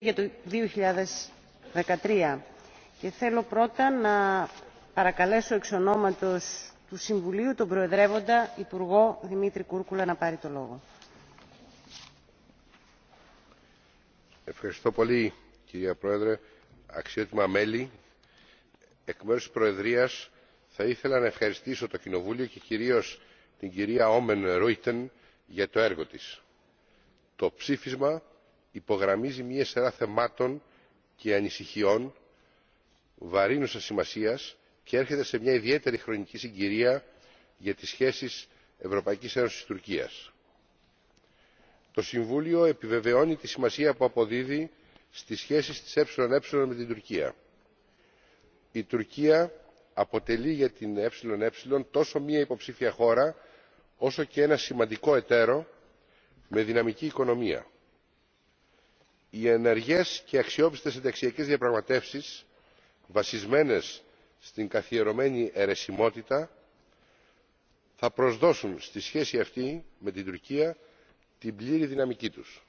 για το 2013 και θέλω πρώτα να παρακαλέσω εξ ονόματος του Συμβουλίου τον Προεδρεύοντα Υπουργό Δημήτρη Κούρκουλα να πάρει το λόγο. Ευχαριστώ πολύ κυρία Πρόεδρε, αξιότιμα μέλη. Εκ μέρους της Προεδρίας θα ήθελα να ευχαριστήσω το Κοινοβούλιο και κυρίως την κυρία Όμεν Ρούιτεν για το έργο της. Το ψήφισμα υπογραμμίζει μια σειρά θεμάτων και ανησυχιών βαρύνουσας σημασίας και έρχεται σε μια ιδιαίτερη χρονική συγκυρία για τις σχέσεις ευρωπαϊκής ένωσης τουρκίας. το συμβούλιο επιβεβαιώνει τη σημασία που αποδίδει στις σχέσεις της εε με την τουρκία. η τουρκία αποτελεί για την εε τόσο μια υποψήφια χώρα όσο και ένα σημαντικό εταίρο με δυναμική οικονομία οι ενεργές και αξιόπιστες συνταξιακές διαπραγματεύσεις βασισμένες στην καθιερωμένη αιρεσιμότητα θα προσδώσουν στη σχέση αυτή με την τουρκία την πλήρη δυναμική τους.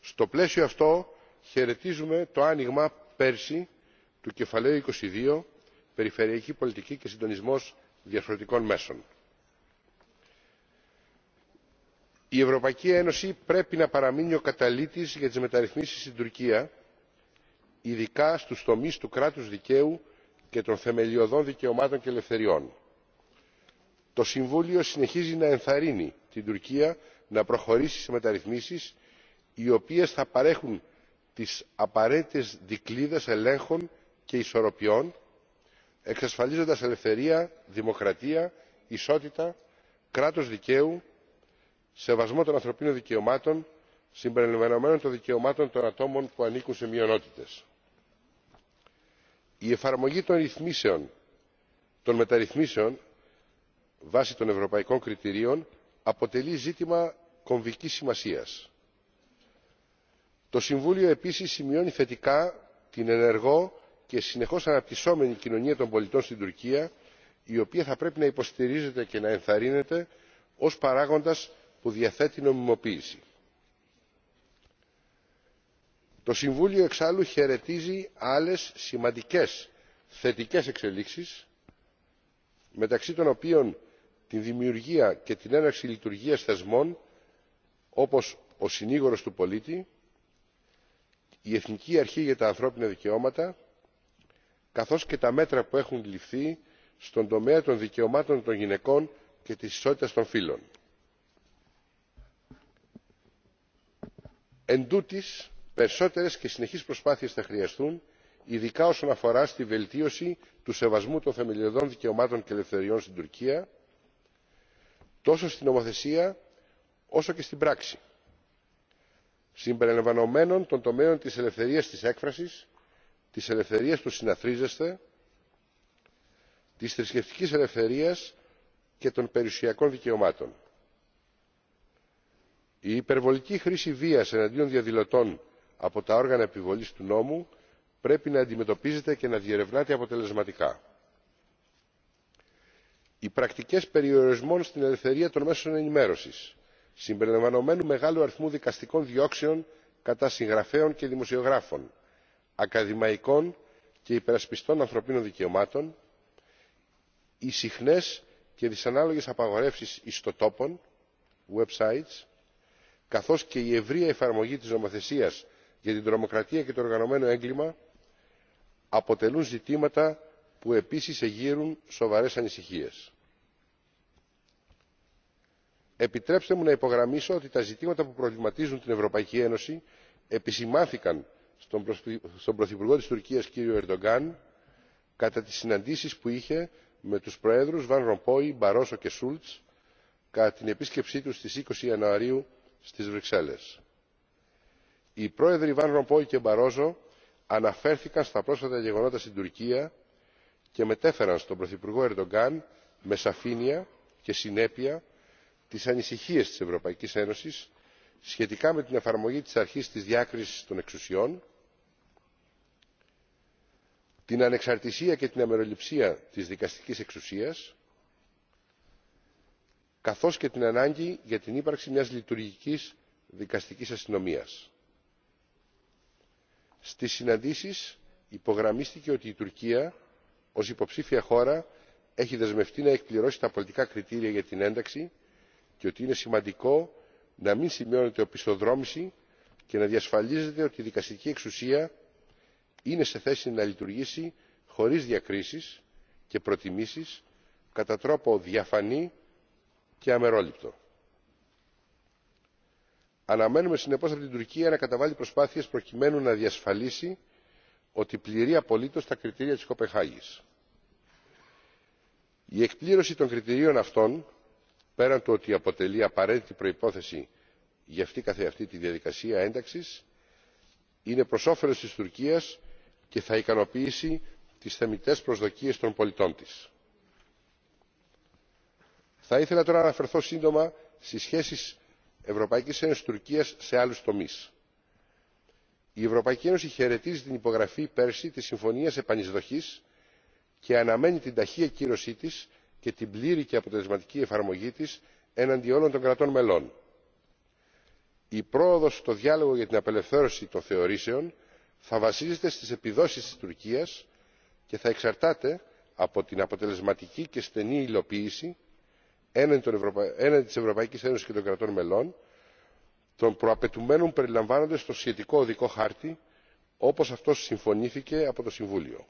στο πλαίσιο αυτό χαιρετίζουμε το άνοιγμα πέρσι του κεφαλαίου 22 περιφερειακή πολιτική και συντονισμός διαφορετικών μέσων. η ευρωπαϊκή ένωση πρέπει να παραμείνει ο καταλύτης για τις μεταρρυθμίσεις στην τουρκία ειδικά στους τομείς του κράτους δικαίου και των θεμελιωδών δικαιωμάτων και ελευθεριών. το συμβούλιο συνεχίζει να ενθαρρύνει την τουρκία να προχωρήσει σε μεταρρυθμίσεις οι οποίες θα παρέχουν τις απαραίτητες δικλείδες ελέγχων και ισορροπιών εξασφαλίζοντας ελευθερία δημοκρατία ισότητα κράτος δικαίου σεβασμό των ανθρωπίνων δικαιωμάτων συμπεριλαμβανομένων των δικαιωμάτων των ατόμων που ανήκουν σε μειονότητε. η εφαρμογή των μεταρρυθμίσεων βάσει των ευρωπαϊκών κριτηρίων αποτελεί ζήτημα κομβικής σημασίας. το συμβούλιο επίσης σημειώνει θετικά την ενεργό και συνεχώς αναπτυσσόμενη κοινωνία των πολιτών στην τουρκία η οποία θα πρέπει να υποστηρίζεται και να ενθαρρύνεται ως παράγοντας που διαθέτει νομιμοποίηση. το συμβούλιο εξάλλου χαιρετίζει άλλες σημαντικές θετικές εξελίξεις μεταξύ των οποίων την δημιουργία και την έναρξη λειτουργίας θεσμών όπως ο συνήγορος του πολίτη η εθνική αρχή για τα ανθρώπινα δικαιώματα καθώς και τα μέτρα που έχουν ληφθεί στον τομέα των δικαιωμάτων των γυναικών και της ισότητας των φύλων. εντούτοις περισσότερες και συνεχείς προσπάθειες θα χρειαστούν ειδικά όσον αφορά στη βελτίωση του σεβασμού των θεμελιωδών δικαιωμάτων και ελευθεριών στην τουρκία τόσο στην νομοθεσία όσο και στην πράξη συμπεριλαμβανομένων των τομέων της ελευθερίας της έκφρασης της ελευθερίας του συναθρίζεσθε, της θρησκευτικής ελευθερίας και των περιουσιακών δικαιωμάτων η υπερβολική χρήση βίας εναντίον διαδηλωτών από τα όργανα επιβολής του νόμου πρέπει να αντιμετωπίζεται και να διερευνάται αποτελεσματικά. οι πρακτικές περιορισμών στην ελευθερία των μέσων ενημέρωσης συμπεριλαμβανομένου μεγάλου αριθμού δικαστικών διώξεων κατά συγγραφέων και δημοσιογράφων ακαδημαϊκών και υπερασπιστών ανθρωπίνων δικαιωμάτων οι συχνές και δυσανάλογες απαγορεύσεις ιστοτόπων websites καθώς και η ευρεία εφαρμογή της νομοθεσίας για την τρομοκρατία και το οργανωμένο έγκλημα αποτελούν ζητήματα που επίσης εγείρουν σοβαρές ανησυχίες. επιτρέψτε μου να υπογραμμίσω ότι τα ζητήματα που προβληματίζουν την ευρωπαϊκή ένωση επισημάθηκαν στον πρωθυπουργό της τουρκίας κ. ερντογκάν κατά τις συναντήσεις που είχε με τους προέδρους βαν ρομπόι μπαρόσο και σούλτς κατά την επίσκεψή τους στις 20 ιανουαρίου στις βρυξέλλες. οι πρόεδροι βαν ρομπόι και μπαρόζο αναφέρθηκαν στα πρόσφατα γεγονότα στην τουρκία και μετέφεραν στον πρωθυπουργό ερντογκάν με σαφήνεια και συνέπεια τις ανησυχίες της ευρωπαϊκής ένωσης σχετικά με την εφαρμογή της αρχής της διάκρισης των εξουσιών την ανεξαρτησία και την αμεροληψία της δικαστικής εξουσίας καθώς και την ανάγκη για την ύπαρξη μιας λειτουργικής δικαστικής αστυνομίας. στις συναντήσεις υπογραμμίστηκε ότι η τουρκία ως υποψήφια χώρα έχει δεσμευτεί να εκπληρώσει τα πολιτικά κριτήρια για την ένταξη και ότι είναι σημαντικό να μην σημειώνεται οπισθοδρόμηση και να διασφαλίζεται ότι η δικαστική εξουσία είναι σε θέση να λειτουργήσει χωρίς διακρίσεις και προτιμήσεις κατά τρόπο διαφανή και αμερόληπτο. αναμένουμε συνεπώς από την τουρκία να καταβάλει προσπάθειες προκειμένου να διασφαλίσει ότι πληρεί απολύτω τα κριτήρια της Κοπεχάγης. η εκπλήρωση των κριτηρίων αυτών πέραν του ότι αποτελεί απαραίτητη προϋπόθεση για αυτή καθεαυτή τη διαδικασία ένταξης είναι προς όφελος της τουρκίας και θα ικανοποιήσει τις θεμητές προσδοκίες των πολιτών της θα ήθελα τώρα να αναφερθώ σύντομα στι σχέσει Ευρωπαϊκή Ένωση Τουρκία σε άλλου τομεί. η ευρωπαϊκή ένωση χαιρετίζει την υπογραφή πέρσι της συμφωνία επανεισδοχή και αναμένει την ταχεία κύρωσή της και την πλήρη και αποτελεσματική εφαρμογή της εναντί όλων των κρατών μελών. η πρόοδο στο διάλογο για την απελευθέρωση των θεωρήσεων θα βασίζεται στι επιδόσει τη Τουρκία και θα εξαρτάται από την αποτελεσματική και στενή υλοποίηση έναντι της ευρωπαϊκής ένωσης και των κρατών μελών των προαπαιτουμένων περιλαμβάνονται στο σχετικό οδικό χάρτη όπως αυτός συμφωνήθηκε από το συμβούλιο.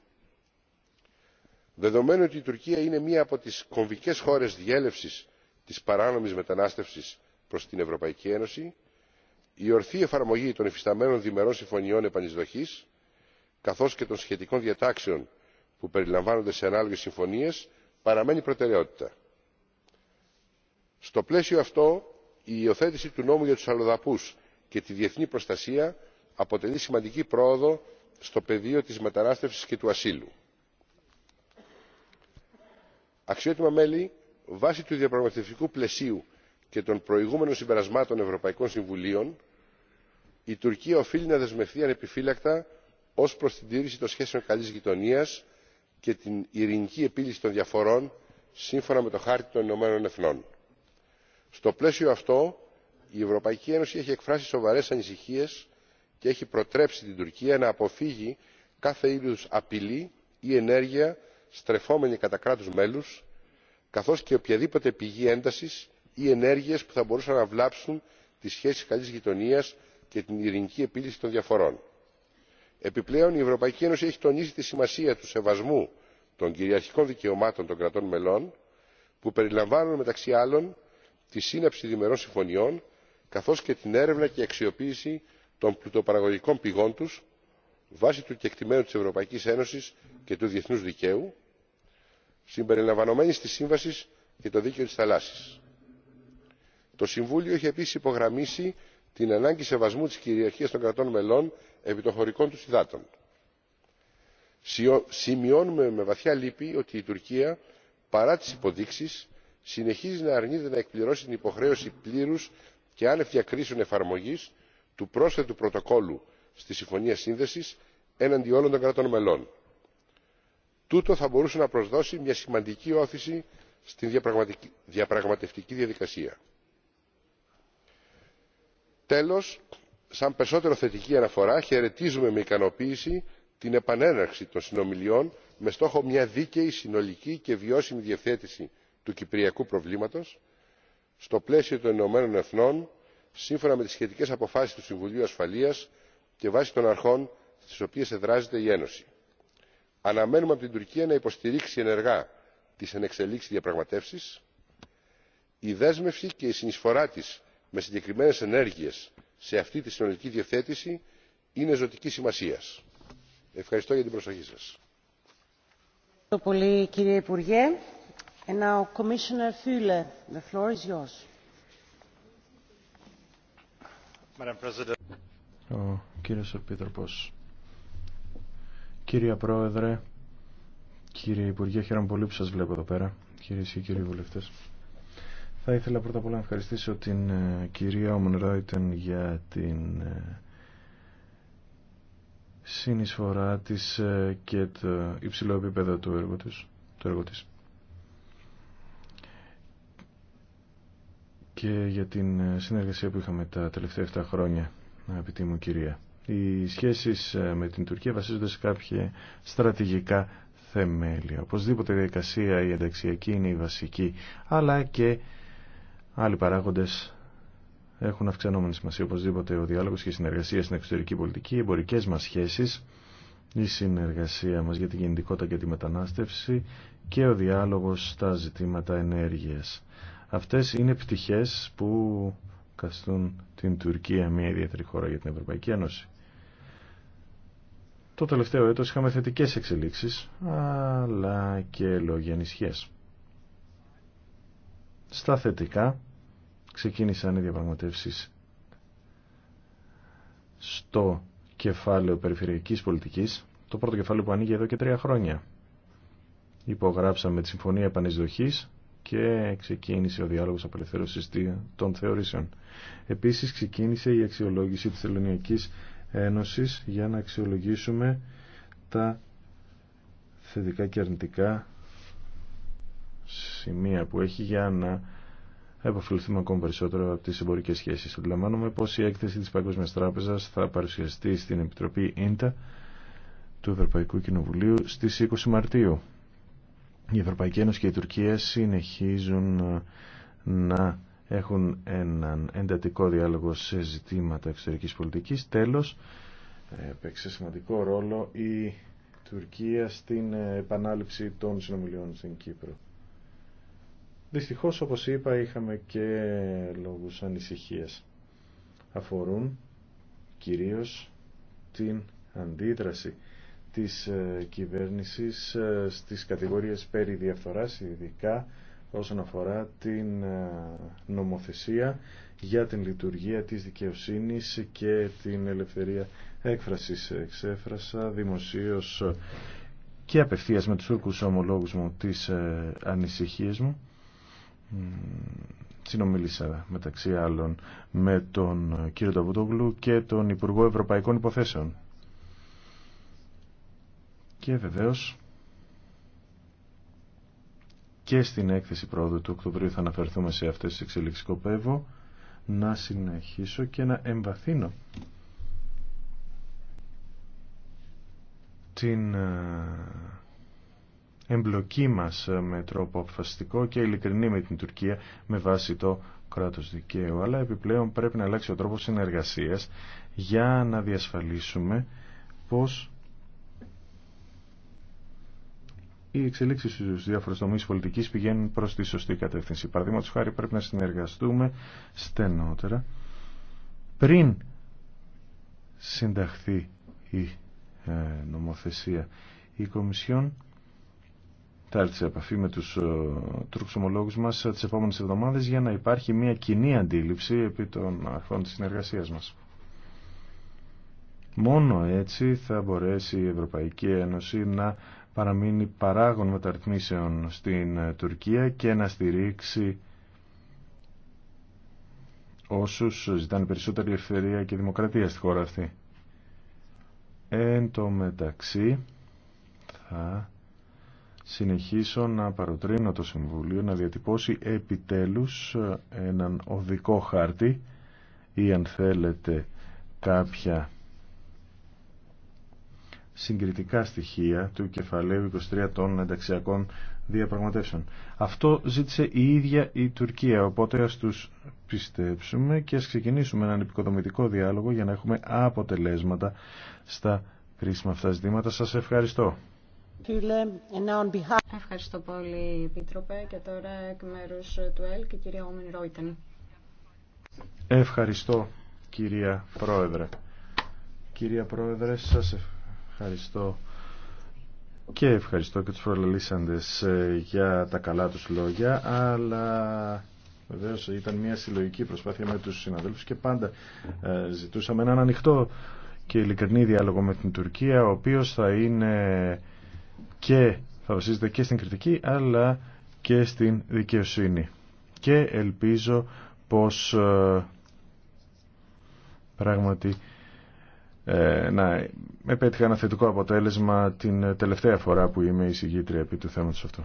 δεδομένου ότι η τουρκία είναι μία από τις κομβικές χώρες διέλευσης της παράνομης μετανάστευσης προς την ευρωπαϊκή ένωση η ορθή εφαρμογή των υφισταμένων διμερών συμφωνιών επανεισδοχής καθώς και των σχετικών διατάξεων που περιλαμβάνονται σε ανάλογες συμφωνίες παραμένει προτεραιότητα στο πλαίσιο αυτό η υιοθέτηση του νόμου για τους αλλοδαπούς και τη διεθνή προστασία αποτελεί σημαντική πρόοδο στο πεδίο της μετανάστευσης και του ασύλου. αξιότιμα μέλη βάσει του διαπραγματευτικού πλαισίου και των προηγούμενων συμπερασμάτων ευρωπαϊκών συμβουλίων η τουρκία οφείλει να δεσμευθεί ανεπιφύλακτα ως προς την τήρηση των σχέσεων καλής γειτονίας και την ειρηνική επίλυση των διαφορών σύμφωνα με το χάρτη των ηνωμένων στο πλαίσιο αυτό η ευρωπαϊκή ένωση έχει εκφράσει σοβαρές ανησυχίες και έχει προτρέψει την τουρκία να αποφύγει κάθε είδους απειλή ή ενέργεια στρεφόμενη κατά κράτους μέλους καθώς και οποιαδήποτε πηγή έντασης ή ενέργειας που θα μπορούσαν να βλάψουν τις σχέσεις καλής γειτονίας και την ειρηνική επίλυση των διαφορών. επιπλέον η ευρωπαϊκή ένωση έχει τονίσει τη σημασία του σεβασμού των κυριαρχικών δικαιωμάτων των κρατών μελών που περιλαμβάνουν μεταξύ άλλων τη σύναψη διμερών συμφωνιών καθώς και την έρευνα και αξιοποίηση των πλουτοπαραγωγικών πηγών τους βάσει του κεκτημένου της ευρωπαϊκής ένωσης και του διεθνούς δικαίου συμπεριλαμβανομένης της σύμβασης για το δίκαιο της θαλάσσης. το συμβούλιο έχει επίσης υπογραμμίσει την ανάγκη σεβασμού της κυριαρχίας των κρατών μελών επί των χωρικών τους υδάτων. σημειώνουμε με βαθιά λύπη ότι η τουρκία παρά τις υποδείξεις συνεχίζει να αρνείται να εκπληρώσει την υποχρέωση πλήρου και άνευ διακρίσεων εφαρμογή του πρόσθετου πρωτοκόλλου στη συμφωνία σύνδεση έναντι όλων των κρατών μελών. τούτο θα μπορούσε να προσδώσει μια σημαντική όθηση στην διαπραγματευτική διαδικασία. τέλος σαν περισσότερο θετική αναφορά χαιρετίζουμε με ικανοποίηση την επανέναρξη των συνομιλιών με στόχο μια δίκαιη συνολική και βιώσιμη διευθέτηση του κυπριακού προβλήματος στο πλαίσιο των ηνωμένων εθνών σύμφωνα με τις σχετικές αποφάσεις του συμβουλίου ασφαλείας και βάσει των αρχών στις οποίες εδράζεται η ένωση. αναμένουμε από την τουρκία να υποστηρίξει ενεργά τις ενεξελίξει διαπραγματεύσεις. η δέσμευση και η συνεισφορά της με συγκεκριμένες ενέργειες σε αυτή τη συνολική διευθέτηση είναι ζωτική σημασία. ευχαριστώ για την προσοχή σας. Κύριε Πρόεδρε, κύριε Υπουργέ, χαίρομαι πολύ που σας βλέπω εδώ πέρα, κύριε και κύριοι βουλευτές. Θα ήθελα πρώτα απ' όλα να ευχαριστήσω την ε, κυρία Ομνρόιτεν για την ε, συνεισφορά της ε, και το υψηλό επίπεδο του έργου της. της. και για την συνεργασία που είχαμε τα τελευταία 7 χρόνια, αγαπητή μου κυρία. Οι σχέσεις ε, με την Τουρκία βασίζονται σε κάποια στρατηγικά θεμέλια. Οπωσδήποτε η διαδικασία η ενταξιακή είναι η βασική, αλλά και άλλοι παράγοντες έχουν αυξανόμενη σημασία. Οπωσδήποτε ο διάλογος και η συνεργασία στην εξωτερική πολιτική, οι εμπορικές μας σχέσεις, η συνεργασία μας για την κινητικότητα και τη μετανάστευση και ο διάλογος στα ζητήματα ενέργειας. Αυτές είναι πτυχές που καθιστούν την Τουρκία μια ιδιαίτερη χώρα για την Ευρωπαϊκή Ένωση. Το τελευταίο έτος είχαμε θετικές εξελίξεις, αλλά και λόγια Σταθετικά Στα θετικά ξεκίνησαν οι διαπραγματεύσεις στο κεφάλαιο περιφερειακής πολιτικής, το πρώτο κεφάλαιο που ανοίγει εδώ και τρία χρόνια. Υπογράψαμε τη Συμφωνία Επανεισδοχής και ξεκίνησε ο διάλογος απελευθέρωσης των θεωρήσεων. Επίσης ξεκίνησε η αξιολόγηση της Ελληνικής Ένωσης για να αξιολογήσουμε τα θετικά και αρνητικά σημεία που έχει για να επωφεληθούμε ακόμα περισσότερο από τις εμπορικές σχέσεις. Αντιλαμβάνομαι πως η έκθεση της Παγκόσμια Τράπεζας θα παρουσιαστεί στην Επιτροπή ΙΝΤΑ του Ευρωπαϊκού Κοινοβουλίου στις 20 Μαρτίου. Η Ευρωπαϊκή Ένωση και η Τουρκία συνεχίζουν να έχουν έναν εντατικό διάλογο σε ζητήματα εξωτερικής πολιτικής. Τέλος, έπαιξε σημαντικό ρόλο η Τουρκία στην επανάληψη των συνομιλιών στην Κύπρο. Δυστυχώς, όπως είπα, είχαμε και λόγους ανησυχίας. Αφορούν κυρίως την αντίδραση της ε, κυβέρνησης ε, στις κατηγορίες περί διαφθοράς, ειδικά όσον αφορά την ε, νομοθεσία για την λειτουργία της δικαιοσύνης και την ελευθερία έκφρασης. Εξέφρασα δημοσίως και απευθείας με τους Τούρκους ομολόγους μου τις ανησυχίες μου. Συνομίλησα μεταξύ άλλων με τον κύριο Ταβουτόγλου και τον Υπουργό Ευρωπαϊκών Υποθέσεων και βεβαίως και στην έκθεση πρόοδου του Οκτωβρίου θα αναφερθούμε σε αυτές τις εξελίξεις να συνεχίσω και να εμβαθύνω την ε, εμπλοκή μας ε, με τρόπο αποφασιστικό και ειλικρινή με την Τουρκία με βάση το κράτος δικαίου. Αλλά επιπλέον πρέπει να αλλάξει ο τρόπος συνεργασίας για να διασφαλίσουμε πως οι εξελίξει στου διάφορου τομεί πολιτική πηγαίνουν προ τη σωστή κατεύθυνση. Παραδείγματο χάρη πρέπει να συνεργαστούμε στενότερα πριν συνταχθεί η ε, νομοθεσία. Η Κομισιόν θα έρθει σε επαφή με τους ε, ομολόγου μας τι επόμενε εβδομάδες για να υπάρχει μια κοινή αντίληψη επί των αρχών τη συνεργασία μα. Μόνο έτσι θα μπορέσει η Ευρωπαϊκή Ένωση να παραμείνει παράγων μεταρρυθμίσεων στην ε, Τουρκία και να στηρίξει όσους ζητάνε περισσότερη ευθερία και δημοκρατία στη χώρα αυτή. Εν τω μεταξύ θα συνεχίσω να παροτρύνω το Συμβούλιο να διατυπώσει επιτέλους ε, έναν οδικό χάρτη ή αν θέλετε κάποια συγκριτικά στοιχεία του κεφαλαίου 23 των ενταξιακών διαπραγματεύσεων. Αυτό ζήτησε η ίδια η Τουρκία, οπότε ας τους πιστέψουμε και ας ξεκινήσουμε έναν επικοδομητικό διάλογο για να έχουμε αποτελέσματα στα κρίσιμα αυτά ζητήματα. Σας ευχαριστώ. Ευχαριστώ πολύ, Επίτροπε, και τώρα εκ μέρους του ΕΛ και κυρία Όμιν Ρόιτεν. Ευχαριστώ, κυρία Πρόεδρε. Κυρία Πρόεδρε, σας ευχαριστώ. Ευχαριστώ και ευχαριστώ και τους προλαλήσαντες ε, για τα καλά τους λόγια, αλλά βεβαίω ήταν μια συλλογική προσπάθεια με τους συναδέλφους και πάντα ε, ζητούσαμε έναν ανοιχτό και ειλικρινή διάλογο με την Τουρκία, ο οποίος θα είναι και θα βασίζεται και στην κριτική, αλλά και στην δικαιοσύνη. Και ελπίζω πως ε, πράγματι ε, να επέτυχα ένα θετικό αποτέλεσμα την ε, τελευταία φορά που είμαι εισηγήτρια επί του θέματος αυτού.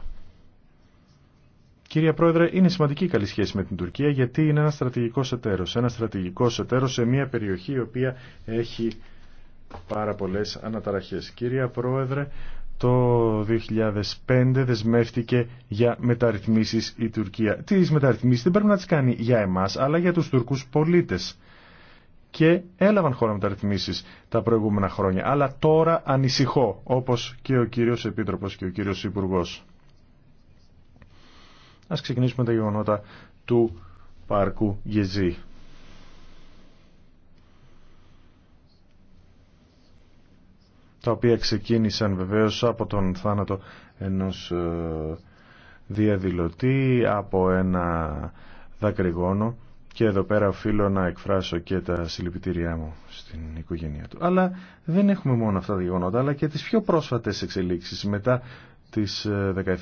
Κύριε Πρόεδρε, είναι σημαντική η καλή σχέση με την Τουρκία γιατί είναι ένα στρατηγικό εταίρο. Ένα στρατηγικό εταίρο σε μια περιοχή η οποία έχει πάρα πολλέ αναταραχέ. Κύριε Πρόεδρε, το 2005 δεσμεύτηκε για μεταρρυθμίσει η Τουρκία. Τι μεταρρυθμίσει δεν πρέπει να τι κάνει για εμά, αλλά για του Τούρκου πολίτε και έλαβαν χώρα μεταρρυθμίσεις τα προηγούμενα χρόνια. Αλλά τώρα ανησυχώ, όπως και ο κύριος Επίτροπος και ο κύριος Υπουργός. Ας ξεκινήσουμε τα γεγονότα του Πάρκου Γεζή. τα οποία ξεκίνησαν βεβαίως από τον θάνατο ενός ε, διαδηλωτή, από ένα δακρυγόνο και εδώ πέρα οφείλω να εκφράσω και τα συλληπιτήριά μου στην οικογένειά του. Αλλά δεν έχουμε μόνο αυτά τα γεγονότα, αλλά και τις πιο πρόσφατες εξελίξεις μετά τις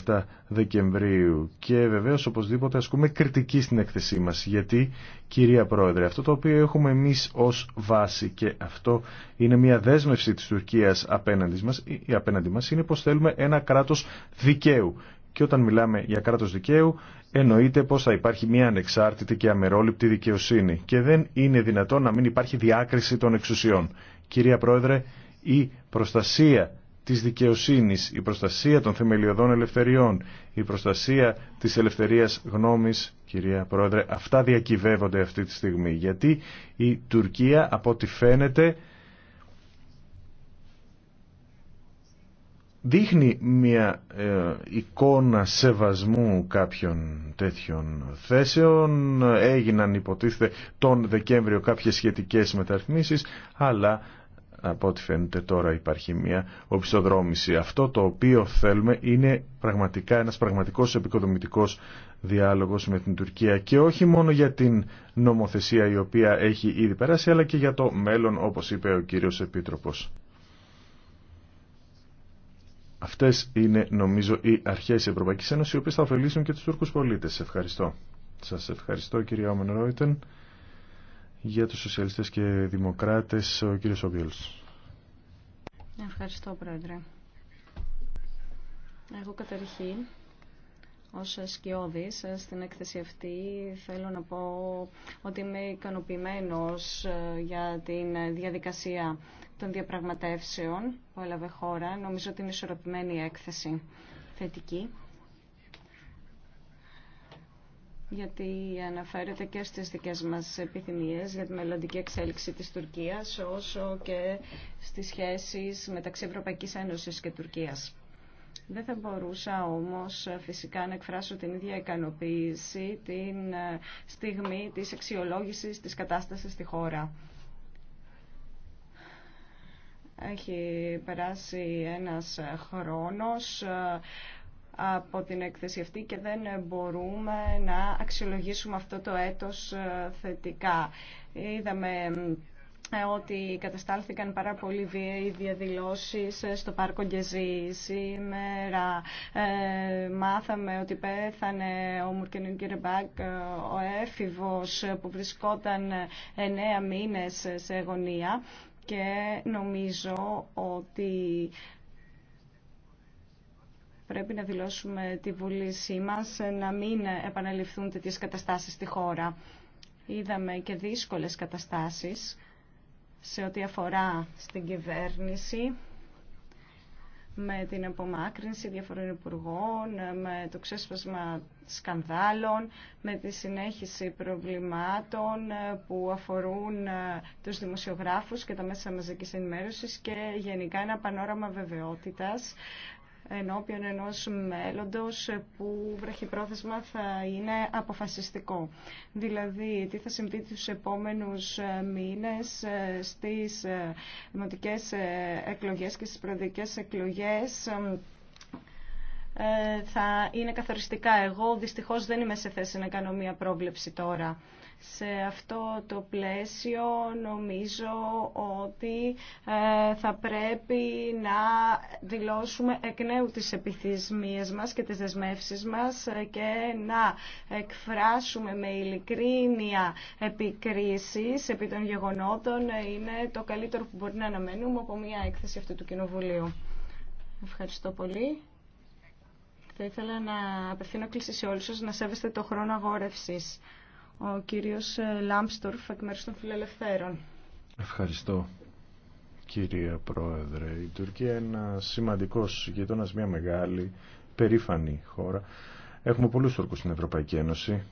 17 ε, Δεκεμβρίου και βεβαίως οπωσδήποτε ασκούμε κριτική στην εκθεσή μας γιατί κυρία Πρόεδρε αυτό το οποίο έχουμε εμείς ως βάση και αυτό είναι μια δέσμευση της Τουρκίας απέναντι μας, απέναντι μας είναι πως θέλουμε ένα κράτος δικαίου και όταν μιλάμε για κράτος δικαίου, εννοείται πως θα υπάρχει μια ανεξάρτητη και αμερόληπτη δικαιοσύνη και δεν είναι δυνατόν να μην υπάρχει διάκριση των εξουσιών. Κυρία Πρόεδρε, η προστασία της δικαιοσύνης, η προστασία των θεμελιωδών ελευθεριών, η προστασία της ελευθερίας γνώμης, κυρία Πρόεδρε, αυτά διακυβεύονται αυτή τη στιγμή, γιατί η Τουρκία από ό,τι φαίνεται δείχνει μια ε, εικόνα σεβασμού κάποιων τέτοιων θέσεων. Έγιναν υποτίθεται τον Δεκέμβριο κάποιες σχετικές μεταρρυθμίσεις, αλλά από ό,τι φαίνεται τώρα υπάρχει μια οπισθοδρόμηση. Αυτό το οποίο θέλουμε είναι πραγματικά ένας πραγματικός επικοδομητικός διάλογος με την Τουρκία και όχι μόνο για την νομοθεσία η οποία έχει ήδη περάσει αλλά και για το μέλλον όπως είπε ο κύριος Επίτροπος. Αυτές είναι νομίζω οι αρχές της Ευρωπαϊκής Ένωσης οι οποίες θα ωφελήσουν και τους Τούρκους πολίτες. ευχαριστώ. Σας ευχαριστώ κύριε Όμεν Ρόιτεν για τους σοσιαλιστές και δημοκράτες ο κύριος Όμπιελ. Ευχαριστώ πρόεδρε. Εγώ καταρχήν ως σκιώδης στην έκθεση αυτή θέλω να πω ότι είμαι ικανοποιημένος ε, για την διαδικασία των διαπραγματεύσεων που έλαβε χώρα. Νομίζω ότι είναι ισορροπημένη η έκθεση θετική γιατί αναφέρεται και στις δικές μας επιθυμίες για τη μελλοντική εξέλιξη της Τουρκίας όσο και στις σχέσεις μεταξύ Ευρωπαϊκής Ένωσης και Τουρκίας. Δεν θα μπορούσα όμως φυσικά να εκφράσω την ίδια ικανοποίηση την ε, στιγμή της αξιολόγησης της κατάστασης στη χώρα. Έχει περάσει ένας χρόνος ε, από την έκθεση αυτή και δεν μπορούμε να αξιολογήσουμε αυτό το έτος ε, θετικά. Είδαμε ε, ότι καταστάλθηκαν πάρα πολύ βίαιοι διαδηλώσεις στο πάρκο Γκεζή. Σήμερα μάθαμε ότι πέθανε ο Μουρκενίν Κυρεμπάκ, ο έφηβος που βρισκόταν εννέα μήνες σε γωνία και νομίζω ότι πρέπει να δηλώσουμε τη βούλησή μας να μην επαναληφθούν τις καταστάσεις στη χώρα. Είδαμε και δύσκολες καταστάσεις σε ό,τι αφορά στην κυβέρνηση με την απομάκρυνση διαφορών υπουργών, με το ξέσπασμα σκανδάλων, με τη συνέχιση προβλημάτων που αφορούν ε, τους δημοσιογράφους και τα μέσα μαζικής ενημέρωσης και γενικά ένα πανόραμα βεβαιότητας ενώπιον ενός μέλλοντος που βραχυπρόθεσμα θα είναι αποφασιστικό. Δηλαδή, τι θα συμβεί τους επόμενους ε, μήνες ε, στις ε, δημοτικές εκλογές και στις προεδρικές εκλογές θα είναι καθοριστικά. Εγώ δυστυχώς δεν είμαι σε θέση να κάνω μία πρόβλεψη τώρα σε αυτό το πλαίσιο νομίζω ότι ε, θα πρέπει να δηλώσουμε εκ νέου τις επιθυμίες μας και τις δεσμεύσεις μας ε, και να εκφράσουμε με ειλικρίνεια επικρίσεις επί των γεγονότων είναι το καλύτερο που μπορεί να αναμένουμε από μια έκθεση αυτού του Κοινοβουλίου. Ευχαριστώ πολύ. Θα ήθελα να απευθύνω κλίση σε όλους σας να σέβεστε το χρόνο αγόρευσης ο κύριος ε, Λάμπστορφ εκ μέρους των φιλελευθέρων. Ευχαριστώ. Κύριε Πρόεδρε, η Τουρκία είναι ένα σημαντικός γειτόνας, μια μεγάλη, περήφανη χώρα. Έχουμε πολλούς Τουρκούς στην Ευρωπαϊκή Ένωση.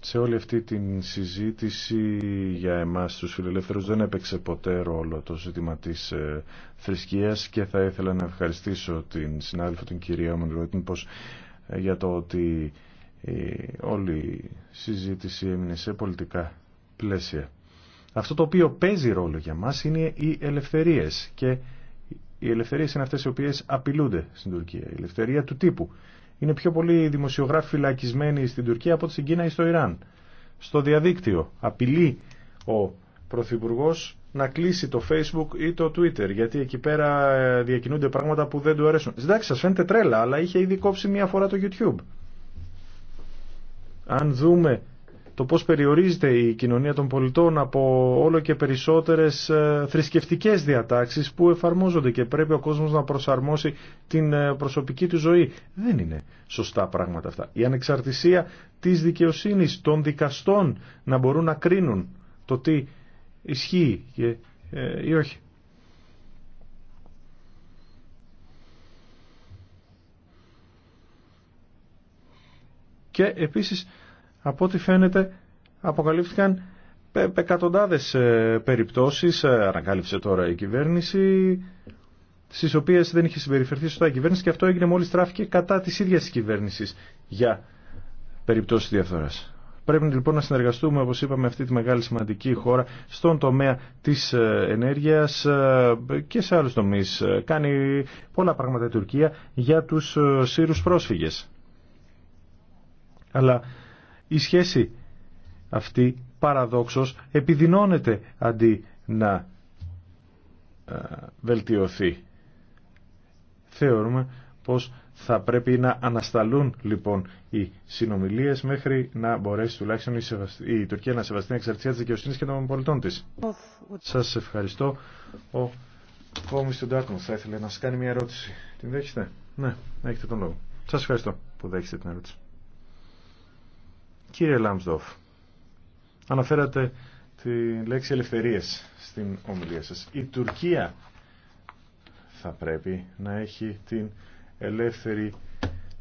Σε όλη αυτή την συζήτηση για εμάς τους φιλελεύθερους δεν έπαιξε ποτέ ρόλο το ζήτημα της ε, θρησκείας και θα ήθελα να ευχαριστήσω την συνάδελφο την κυρία Μοντρότην ε, για το ότι η όλη συζήτηση έμεινε σε πολιτικά πλαίσια. Αυτό το οποίο παίζει ρόλο για μας είναι οι ελευθερίες και οι ελευθερίες είναι αυτές οι οποίες απειλούνται στην Τουρκία. Η ελευθερία του τύπου. Είναι πιο πολλοί δημοσιογράφοι φυλακισμένοι στην Τουρκία από ότι στην Κίνα ή στο Ιράν. Στο διαδίκτυο απειλεί ο Πρωθυπουργό να κλείσει το Facebook ή το Twitter, γιατί εκεί πέρα ε, διακινούνται πράγματα που δεν του αρέσουν. Εντάξει, σα φαίνεται τρέλα, αλλά είχε ήδη κόψει μία φορά το YouTube. Αν δούμε το πώς περιορίζεται η κοινωνία των πολιτών από όλο και περισσότερες ε, θρησκευτικές διατάξεις που εφαρμόζονται και πρέπει ο κόσμος να προσαρμόσει την ε, προσωπική του ζωή. Δεν είναι σωστά πράγματα αυτά. Η ανεξαρτησία της δικαιοσύνης των δικαστών να μπορούν να κρίνουν το τι ισχύει ε, ή όχι. Και επίσης, από ό,τι φαίνεται, αποκαλύφθηκαν εκατοντάδες ε, περιπτώσεις, ε, ανακάλυψε τώρα η κυβέρνηση, στις οποίες δεν είχε συμπεριφερθεί σωστά η κυβέρνηση και αυτό έγινε μόλις τράφηκε κατά της ίδιας της κυβέρνησης για περιπτώσεις διαφθοράς. Πρέπει λοιπόν να συνεργαστούμε, όπως είπαμε, αυτή τη μεγάλη σημαντική χώρα στον τομέα της ε, ενέργειας και σε άλλους τομείς. Κάνει πολλά πράγματα η Τουρκία για τους Σύρους πρόσφυγες. Αλλά η σχέση αυτή παραδόξως επιδεινώνεται αντί να ε, βελτιωθεί. Θεωρούμε πως θα πρέπει να ανασταλούν λοιπόν οι συνομιλίες μέχρι να μπορέσει τουλάχιστον η, Τουρκία να σεβαστεί την εξαρτησία της δικαιοσύνης και των πολιτών της. Σας ευχαριστώ. Ο Κόμις του θα ήθελε να σας κάνει μια ερώτηση. Την δέχεστε? Ναι, έχετε τον λόγο. Σας ευχαριστώ που δέχεστε την ερώτηση. Κύριε Λάμσδοφ, αναφέρατε τη λέξη ελευθερίες στην ομιλία σας. Η Τουρκία θα πρέπει να έχει την ελεύθερη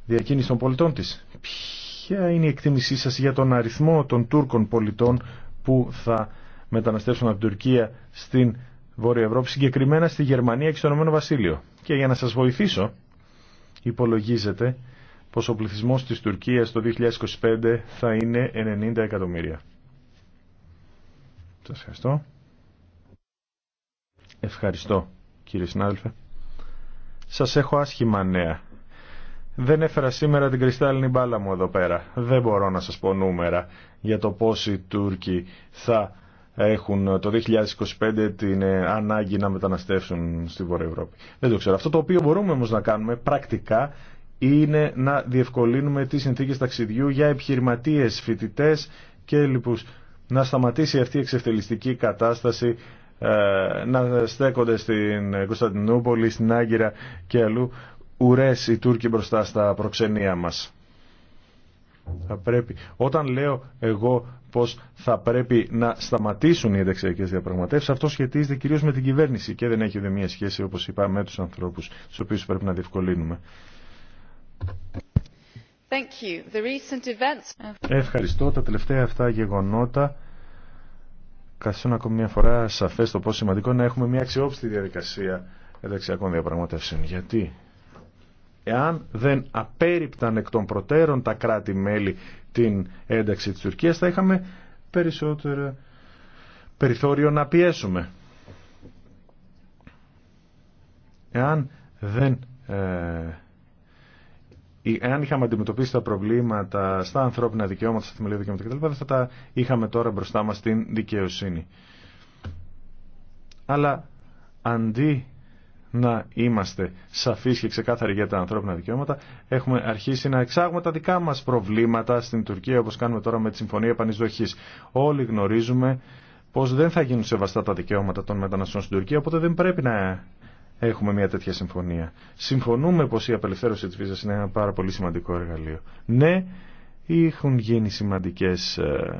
διακίνηση των πολιτών της. Ποια είναι η εκτίμησή σας για τον αριθμό των Τούρκων πολιτών που θα μεταναστεύσουν από την Τουρκία στην Βόρεια Ευρώπη, συγκεκριμένα στη Γερμανία και στο Ηνωμένο Βασίλειο. Και για να σας βοηθήσω, υπολογίζεται πως ο πληθυσμός της Τουρκίας το 2025 θα είναι 90 εκατομμύρια. Σας ευχαριστώ. Ευχαριστώ κύριε συνάδελφε. Σας έχω άσχημα νέα. Δεν έφερα σήμερα την κρυστάλλινη μπάλα μου εδώ πέρα. Δεν μπορώ να σας πω νούμερα για το οι Τούρκοι θα έχουν το 2025 την ε, ανάγκη να μεταναστεύσουν στη Βόρεια Ευρώπη. Δεν το ξέρω. Αυτό το οποίο μπορούμε όμως να κάνουμε πρακτικά είναι να διευκολύνουμε τις συνθήκες ταξιδιού για επιχειρηματίες, φοιτητές και λοιπούς. Να σταματήσει αυτή η εξευτελιστική κατάσταση ε, να στέκονται στην Κωνσταντινούπολη, στην Άγκυρα και αλλού ουρές οι Τούρκοι μπροστά στα προξενία μας. Θα πρέπει. Όταν λέω εγώ πως θα πρέπει να σταματήσουν οι ενταξιακές διαπραγματεύσεις, αυτό σχετίζεται κυρίως με την κυβέρνηση και δεν έχει ούτε μία σχέση όπως είπα με τους ανθρώπους του οποίους πρέπει να διευκολύνουμε. Ευχαριστώ. Τα τελευταία αυτά γεγονότα καθίσουν ακόμη μια φορά σαφές το πόσο σημαντικό να έχουμε μια αξιόπιστη διαδικασία ενταξιακών διαπραγματεύσεων. Γιατί εάν δεν απέριπταν εκ των προτέρων τα κράτη-μέλη την ένταξη της Τουρκίας θα είχαμε περισσότερο περιθώριο να πιέσουμε. Εάν δεν ε, εάν είχαμε αντιμετωπίσει τα προβλήματα στα ανθρώπινα δικαιώματα, στα θεμελιώδη δικαιώματα κτλ. δεν θα τα είχαμε τώρα μπροστά μας στην δικαιοσύνη. Αλλά αντί να είμαστε σαφείς και ξεκάθαροι για τα ανθρώπινα δικαιώματα, έχουμε αρχίσει να εξάγουμε τα δικά μας προβλήματα στην Τουρκία, όπως κάνουμε τώρα με τη Συμφωνία Επανεισδοχής. Όλοι γνωρίζουμε πως δεν θα γίνουν σεβαστά τα δικαιώματα των μεταναστών στην Τουρκία, οπότε δεν πρέπει να έχουμε μια τέτοια συμφωνία. Συμφωνούμε πως η απελευθέρωση της βίζας είναι ένα πάρα πολύ σημαντικό εργαλείο. Ναι, έχουν γίνει σημαντικές ε,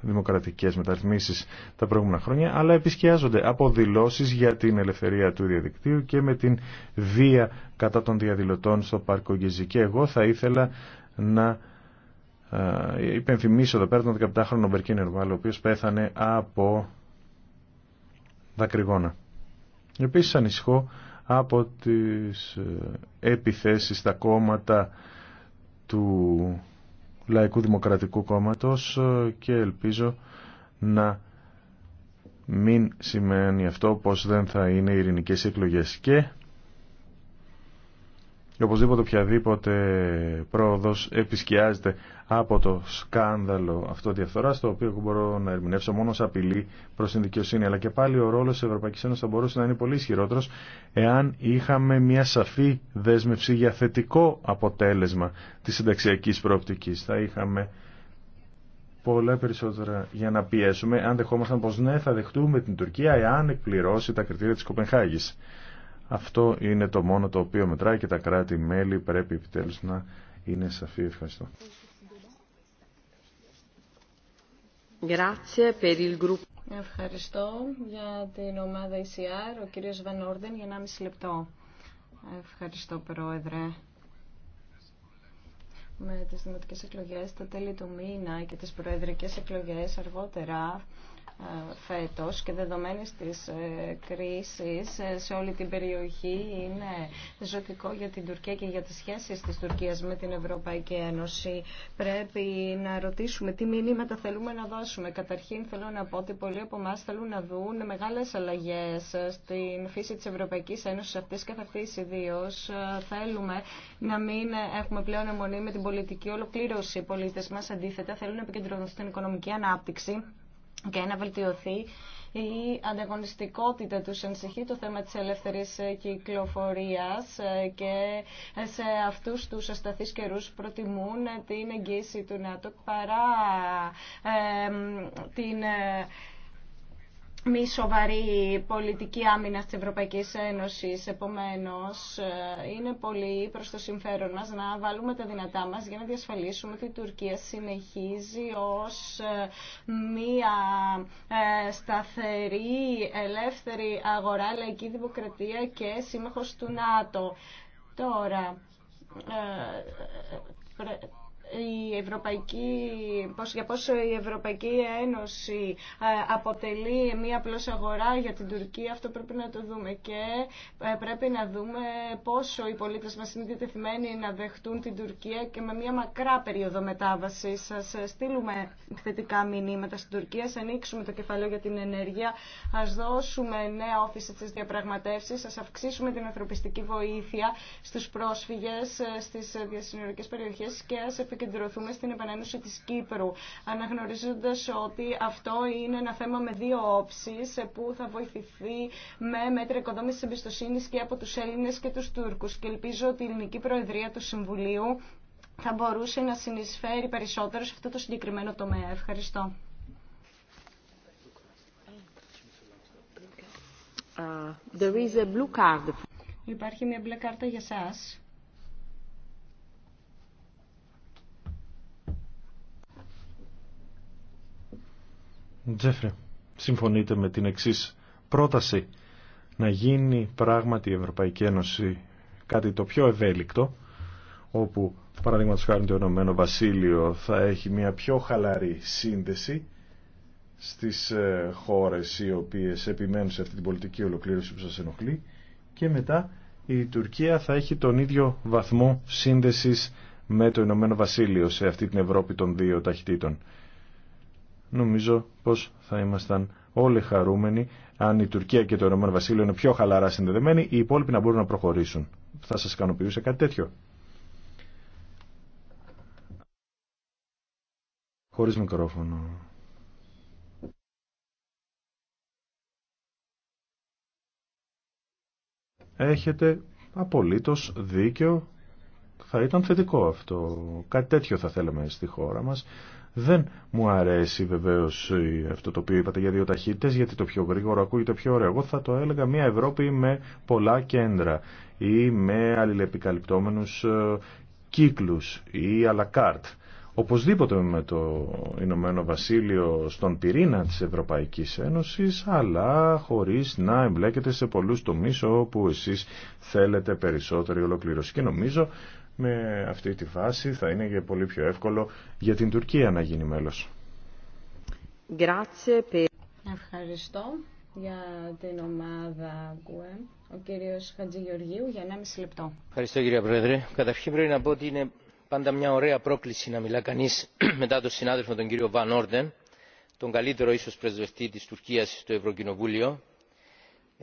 δημοκρατικές μεταρρυθμίσεις τα προηγούμενα χρόνια, αλλά επισκιάζονται από δηλώσεις για την ελευθερία του διαδικτύου και με την βία κατά των διαδηλωτών στο Πάρκο Γκεζί. Και εγώ θα ήθελα να ε, υπενθυμίσω εδώ πέρα τον 17χρονο Μπερκίνερ ο οποίος πέθανε από δακρυγόνα. Επίσης ανησυχώ από τις ε, επιθέσεις στα κόμματα του Λαϊκού Δημοκρατικού Κόμματος ε, και ελπίζω να μην σημαίνει αυτό πως δεν θα είναι ειρηνικές εκλογές και οπωσδήποτε οποιαδήποτε πρόοδος επισκιάζεται από το σκάνδαλο αυτό το οποίο μπορώ να ερμηνεύσω μόνο ως απειλή προ την δικαιοσύνη. Αλλά και πάλι ο ρόλο τη Ευρωπαϊκή Ένωση θα μπορούσε να είναι πολύ ισχυρότερο εάν είχαμε μια σαφή δέσμευση για θετικό αποτέλεσμα τη συνταξιακή προοπτική. Θα είχαμε πολλά περισσότερα για να πιέσουμε, αν δεχόμασταν πω ναι, θα δεχτούμε την Τουρκία εάν εκπληρώσει τα κριτήρια τη Κοπενχάγη. Αυτό είναι το μόνο το οποίο μετράει και τα κράτη-μέλη πρέπει επιτέλου να είναι σαφή. Ευχαριστώ. Ευχαριστώ για την ομάδα ECR, ο κύριος Βαν Όρδεν, για 1,5 λεπτό. Ευχαριστώ, Πρόεδρε. Με τις δημοτικές εκλογές, τα τέλη του μήνα και τις προεδρικές εκλογές αργότερα, ε, φέτος και δεδομένης της ε, κρίσης ε, σε όλη την περιοχή είναι ζωτικό για την Τουρκία και για τις σχέσεις της Τουρκίας με την Ευρωπαϊκή Ένωση. Πρέπει να ρωτήσουμε τι μηνύματα θέλουμε να δώσουμε. Καταρχήν θέλω να πω ότι πολλοί από εμά θέλουν να δουν μεγάλες αλλαγές στην φύση της Ευρωπαϊκής Ένωσης αυτής καθ' αυτής ιδίως. Θέλουμε να μην έχουμε πλέον αιμονή με την πολιτική ολοκλήρωση. Οι πολίτες μας αντίθετα θέλουν να επικεντρωθούν στην οικονομική ανάπτυξη και να βελτιωθεί η ανταγωνιστικότητα του ενσυχεί το θέμα της ελεύθερης κυκλοφορίας ε, και σε αυτούς τους ασταθείς καιρούς προτιμούν την εγγύηση του ΝΑΤΟΚ παρά ε, την ε, μη σοβαρή πολιτική άμυνα της Ευρωπαϊκής Ένωσης. Επομένως, ε, είναι πολύ προς το συμφέρον μας να βάλουμε τα δυνατά μας για να διασφαλίσουμε ότι η Τουρκία συνεχίζει ως ε, μία ε, σταθερή, ελεύθερη αγορά, λαϊκή δημοκρατία και σύμμαχος του ΝΑΤΟ. Τώρα, η Ευρωπαϊκή, πώς, για πόσο η Ευρωπαϊκή Ένωση ε, αποτελεί μία απλώς αγορά για την Τουρκία, αυτό πρέπει να το δούμε και ε, πρέπει να δούμε πόσο οι πολίτες μας είναι διατεθειμένοι να δεχτούν την Τουρκία και με μία μακρά περίοδο μετάβαση. Σας ε, στείλουμε θετικά μηνύματα στην Τουρκία, Σας ανοίξουμε το κεφαλαίο για την ενέργεια, ας δώσουμε νέα όφηση στις διαπραγματεύσεις, Σας αυξήσουμε την ανθρωπιστική βοήθεια στους πρόσφυγες, στις διασυνορικές περιοχές και ας επικεντρωθούμε στην επανένωση της Κύπρου, αναγνωρίζοντας ότι αυτό είναι ένα θέμα με δύο όψεις που θα βοηθηθεί με μέτρα οικοδόμησης εμπιστοσύνη και από τους Έλληνες και τους Τούρκους. Και ελπίζω ότι η Ελληνική Προεδρία του Συμβουλίου θα μπορούσε να συνεισφέρει περισσότερο σε αυτό το συγκεκριμένο τομέα. Ευχαριστώ. Uh, there is a blue card. Υπάρχει μια μπλε κάρτα για σας. Τζέφρε, συμφωνείτε με την εξή. πρόταση να γίνει πράγματι η Ευρωπαϊκή Ένωση κάτι το πιο ευέλικτο όπου παραδείγματο χάρη το Ηνωμένο Βασίλειο θα έχει μια πιο χαλαρή σύνδεση στις ε, χώρες οι οποίες επιμένουν σε αυτή την πολιτική ολοκλήρωση που σας ενοχλεί και μετά η Τουρκία θα έχει τον ίδιο βαθμό σύνδεσης με το Ηνωμένο Βασίλειο σε αυτή την Ευρώπη των δύο ταχυτήτων νομίζω πως θα ήμασταν όλοι χαρούμενοι αν η Τουρκία και το Ηνωμένο Βασίλειο είναι πιο χαλαρά συνδεδεμένοι, οι υπόλοιποι να μπορούν να προχωρήσουν. Θα σας ικανοποιούσε κάτι τέτοιο. Χωρίς μικρόφωνο. Έχετε απολύτως δίκιο. Θα ήταν θετικό αυτό. Κάτι τέτοιο θα θέλαμε στη χώρα μας. Δεν μου αρέσει βεβαίω αυτό το οποίο είπατε για δύο ταχύτητε, γιατί το πιο γρήγορο ακούγεται πιο ωραίο. Εγώ θα το έλεγα μια Ευρώπη με πολλά κέντρα ή με αλληλεπικαλυπτόμενου ε, κύκλου ή αλακάρτ. Οπωσδήποτε με το Ηνωμένο Βασίλειο στον πυρήνα της Ευρωπαϊκής Ένωσης, αλλά χωρίς να εμπλέκεται σε πολλούς τομείς όπου εσείς θέλετε περισσότερη ολοκλήρωση. Και νομίζω με αυτή τη βάση θα είναι και πολύ πιο εύκολο για την Τουρκία να γίνει μέλος. Ευχαριστώ για την ομάδα ΚΟΕ. Ο κύριος Χατζηγεωργίου για 1,5 λεπτό. Ευχαριστώ κύριε Πρόεδρε. Καταρχήν πρέπει να πω ότι είναι πάντα μια ωραία πρόκληση να μιλά κανείς μετά τον συνάδελφο τον κύριο Βαν Όρντεν, τον καλύτερο ίσως πρεσβευτή της Τουρκίας στο Ευρωκοινοβούλιο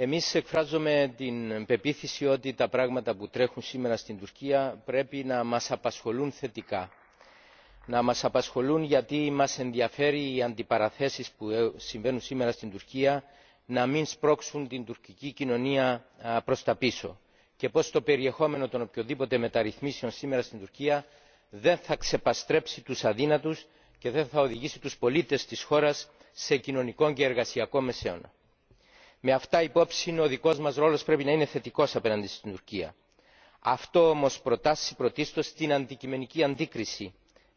Εμεί εκφράζουμε την πεποίθηση ότι τα πράγματα που τρέχουν σήμερα στην τουρκία πρέπει να μα απασχολούν θετικά να μας απασχολούν γιατί μας ενδιαφέρει οι αντιπαραθέσει που ε, συμβαίνουν σήμερα στην τουρκία να μην σπρώξουν την τουρκική κοινωνία προ τα πίσω και πω το περιεχόμενο των οποιοδήποτε μεταρρυθμίσεων σήμερα στην τουρκία δεν θα ξεπαστρέψει τους αδύνατου και δεν θα οδηγήσει τους πολίτε τη χώρα σε κοινωνικό και εργασιακό μεσαίωνα με αυτά υπόψη ο δικό μα ρόλο πρέπει να είναι θετικό απέναντι στην τουρκία. αυτό όμω προτάσσει πρωτίστω την αντικειμενική αντίκριση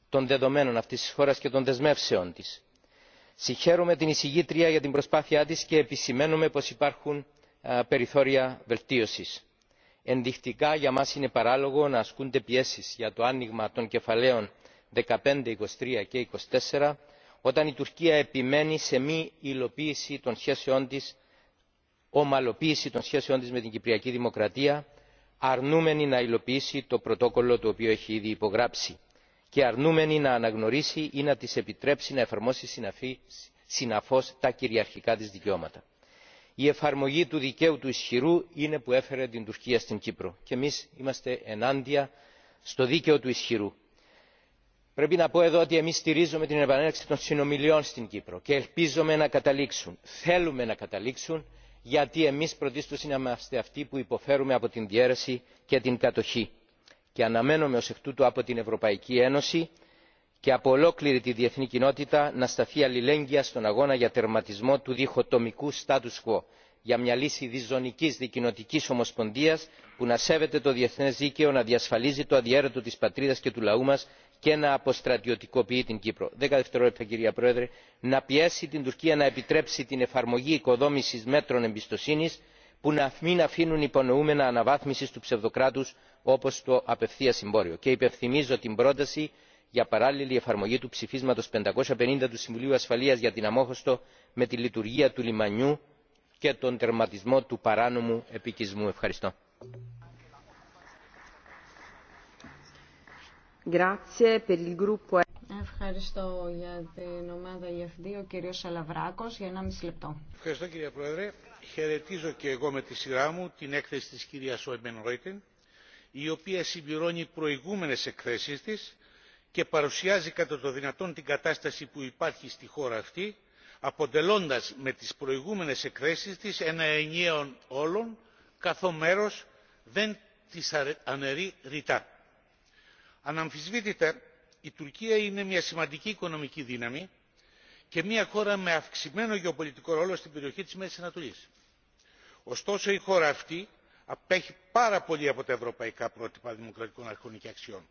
των δεδομένων αυτή τη χώρα και των δεσμεύσεών τη. συγχαίρουμε την εισηγήτρια για την προσπάθειά τη και επισημαίνουμε πω υπάρχουν περιθώρια βελτίωση. ενδεικτικά για μα είναι παράλογο να ασκούνται πιέσει για το άνοιγμα των κεφαλαίων 15, 23 και 24 όταν η τουρκία επιμένει σε μη υλοποίηση των σχέσεών της ομαλοποίηση των σχέσεών της με την κυπριακή δημοκρατία αρνούμενη να υλοποιήσει το πρωτόκολλο το οποίο έχει ήδη υπογράψει και αρνούμενη να αναγνωρίσει ή να της επιτρέψει να εφαρμόσει συναφώς τα κυριαρχικά της δικαιώματα. η εφαρμογή του δικαίου του ισχυρού είναι που έφερε την τουρκία στην κύπρο και εμείς είμαστε ενάντια στο δίκαιο του ισχυρού. πρέπει να πω εδώ ότι εμείς στηρίζουμε την επανέναρξη των συνομιλιών στην κύπρο και ελπίζουμε να καταλήξουν θέλουμε να καταλήξουν γιατί εμεί πρωτίστω είμαστε αυτοί που υποφέρουμε από την διέρεση και την κατοχή και αναμένουμε ω εκ τούτου από την ευρωπαϊκή ένωση και από ολόκληρη τη διεθνή κοινότητα να σταθεί αλληλέγγυα στον αγώνα για τερματισμό του διχοτομικού status quo για μια λύση διζωνική δικοινοτική ομοσπονδία που να σέβεται το διεθνέ δίκαιο να διασφαλίζει το αδιέρετο τη πατρίδα και του λαού μα και να αποστρατιωτικοποιεί την κύπρο. δέκα δευτερόλεπτα κυρία πρόεδρε να πιέσει την τουρκία να επιτρέψει την εφαρμογή οικοδόμηση μέτρων εμπιστοσύνη που να μην αφήνουν υπονοούμενα αναβάθμιση του ψευδοκράτου όπω το απευθεία συμπόριο. και υπενθυμίζω την πρόταση για παράλληλη εφαρμογή του ψηφίσματο 550 του Συμβουλίου Ασφαλεία για την Αμόχωστο με τη λειτουργία του λιμανιού και τον τερματισμό του παράνομου επικισμού. Ευχαριστώ. Ευχαριστώ για την ομάδα EFD, ο κύριος Σαλαβράκος, για 1,5 λεπτό. Ευχαριστώ κύριε Πρόεδρε. Χαιρετίζω και εγώ με τη σειρά μου την έκθεση της κυρίας Όιμεν Ρόιτεν, η οποία συμπληρώνει προηγούμενες εκθέσεις της και παρουσιάζει κατά το δυνατόν την κατάσταση που υπάρχει στη χώρα αυτή, αποτελώντας με τις προηγούμενες εκθέσεις της ένα ενιαίο όλων, καθό μέρος δεν τις αναιρεί ρητά αναμφισβήτητα η τουρκία είναι μια σημαντική οικονομική δύναμη και μια χώρα με αυξημένο γεωπολιτικό ρόλο στην περιοχή της μέσης ανατολής. ωστόσο η χώρα αυτή απέχει πάρα πολύ από τα ευρωπαϊκά πρότυπα δημοκρατικών αρχών και αξιών.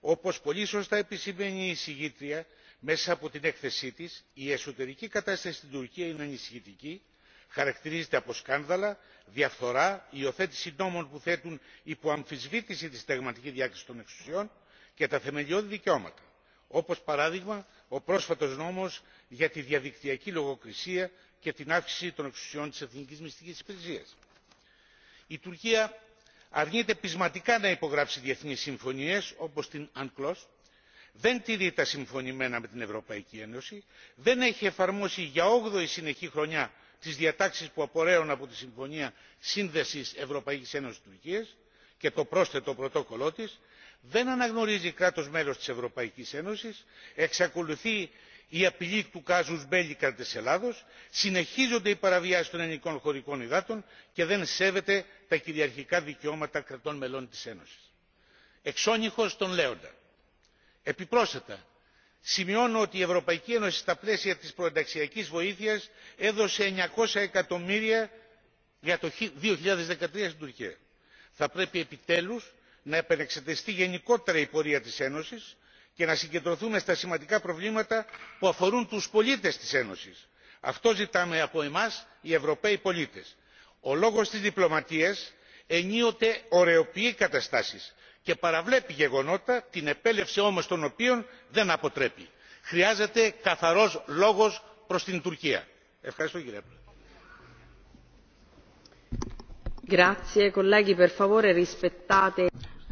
όπως πολύ σωστά επισημαίνει η εισηγήτρια μέσα από την έκθεσή της η εσωτερική κατάσταση στην τουρκία είναι ανησυχητική χαρακτηρίζεται από σκάνδαλα διαφθορά υιοθέτηση νόμων που θέτουν υπό αμφισβήτηση τη συνταγματική διάκριση των εξουσιών και τα θεμελιώδη δικαιώματα όπω παράδειγμα ο πρόσφατο νόμος για τη διαδικτυακή λογοκρισία και την αύξηση των εξουσιών τη Εθνική Μυστική υπηρεσίας. η τουρκία αρνείται πεισματικά να υπογράψει διεθνεί συμφωνίε, όπω την unclos δεν τηρεί τα συμφωνημένα με την ευρωπαϊκή ένωση δεν έχει εφαρμόσει για όγδοη συνεχή χρονιά τις διατάξεις που απορρέουν από τη συμφωνία σύνδεσης ευρωπαϊκής ένωσης τουρκίας και το πρόσθετο πρωτόκολλό της δεν αναγνωρίζει κράτος μέλος της ευρωπαϊκής ένωσης εξακολουθεί η απειλή του κάζους μπέλικα κατά της ελλάδος συνεχίζονται οι παραβιάσεις των ελληνικών χωρικών υδάτων και δεν σέβεται τα κυριαρχικά δικαιώματα κρατών μελών της ένωσης. εξώνυχος τον λέοντα. επιπρόσθετα σημειώνω ότι η ευρωπαϊκή ένωση στα πλαίσια της προενταξιακής βοήθειας έδωσε 900 εκατομμύρια για το 2013 στην Τουρκία. Θα πρέπει επιτέλους να επανεξεταστεί γενικότερα η πορεία της Ένωσης και να συγκεντρωθούμε στα σημαντικά προβλήματα που αφορούν τους πολίτες της Ένωσης. Αυτό ζητάμε από εμάς οι Ευρωπαίοι πολίτες. Ο λόγος της διπλωματίας ενίοτε ωρεοποιεί καταστάσεις και παραβλέπει γεγονότα την επέλευση όμως των οποίων δεν αποτρέπει. χρειάζεται καθαρός λόγος προς την τουρκία. ευχαριστώ κύριε πρόεδρε.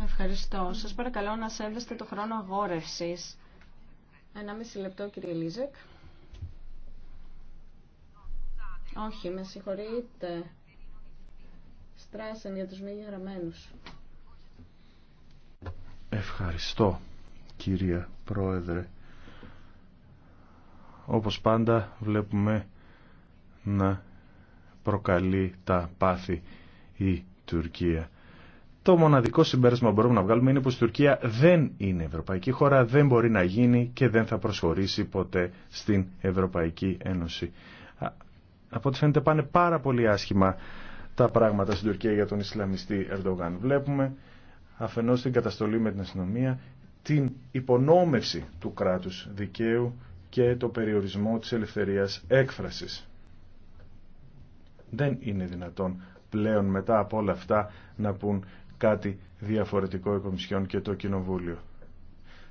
Ευχαριστώ. Σα παρακαλώ να σέβεστε το χρόνο αγόρευση, Ένα μισή λεπτό κύριε Λίζεκ. Όχι, με συγχωρείτε. Στράσεν για του μη Ευχαριστώ κυρία Πρόεδρε. Όπως πάντα βλέπουμε να προκαλεί τα πάθη η Τουρκία. Το μοναδικό συμπέρασμα που μπορούμε να βγάλουμε είναι πως η Τουρκία δεν είναι ευρωπαϊκή χώρα, δεν μπορεί να γίνει και δεν θα προσχωρήσει ποτέ στην Ευρωπαϊκή Ένωση. Από ό,τι φαίνεται πάνε πάρα πολύ άσχημα τα πράγματα στην Τουρκία για τον Ισλαμιστή Ερντογάν. Βλέπουμε αφενός την καταστολή με την αστυνομία, την υπονόμευση του κράτους δικαίου και το περιορισμό της ελευθερίας έκφρασης. Δεν είναι δυνατόν πλέον μετά από όλα αυτά να πούν κάτι διαφορετικό η Κομισιόν και το Κοινοβούλιο.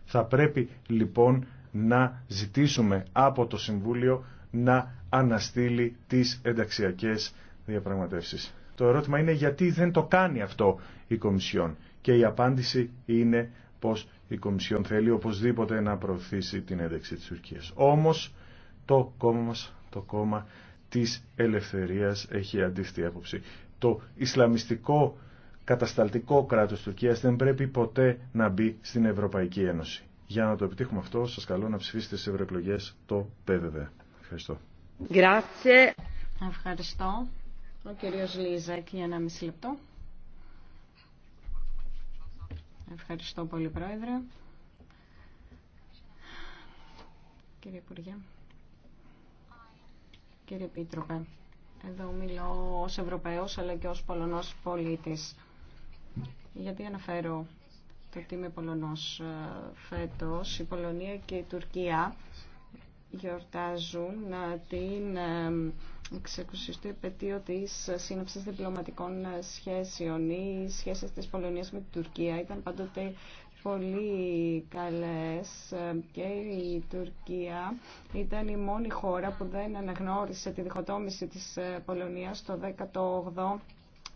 Θα πρέπει λοιπόν να ζητήσουμε από το Συμβούλιο να αναστείλει τις ενταξιακές διαπραγματεύσεις. Το ερώτημα είναι γιατί δεν το κάνει αυτό η Κομισιόν και η απάντηση είναι πως η Κομισιόν θέλει οπωσδήποτε να προωθήσει την ένταξη της Τουρκίας. Όμως το κόμμα το κόμμα της ελευθερίας έχει αντίθετη άποψη. Το Ισλαμιστικό κατασταλτικό κράτος Τουρκίας δεν πρέπει ποτέ να μπει στην Ευρωπαϊκή Ένωση. Για να το επιτύχουμε αυτό, σας καλώ να ψηφίσετε στις ευρωεκλογέ το ΠΒΔ. Ευχαριστώ. Ευχαριστώ πολύ, Πρόεδρε. Κύριε Υπουργέ. Κύριε Επίτροπε. Εδώ μιλώ ως Ευρωπαίος αλλά και ως Πολωνός πολίτης. Γιατί αναφέρω το τι είμαι Πολωνός ε, φέτος. Η Πολωνία και η Τουρκία γιορτάζουν ε, την ε, εξεκουσιστή επαιτίο τη σύνοψη διπλωματικών σχέσεων. Οι σχέσει της Πολωνίας με την Τουρκία ήταν πάντοτε πολύ καλές και η Τουρκία ήταν η μόνη χώρα που δεν αναγνώρισε τη διχοτόμηση της Πολωνίας το 18ο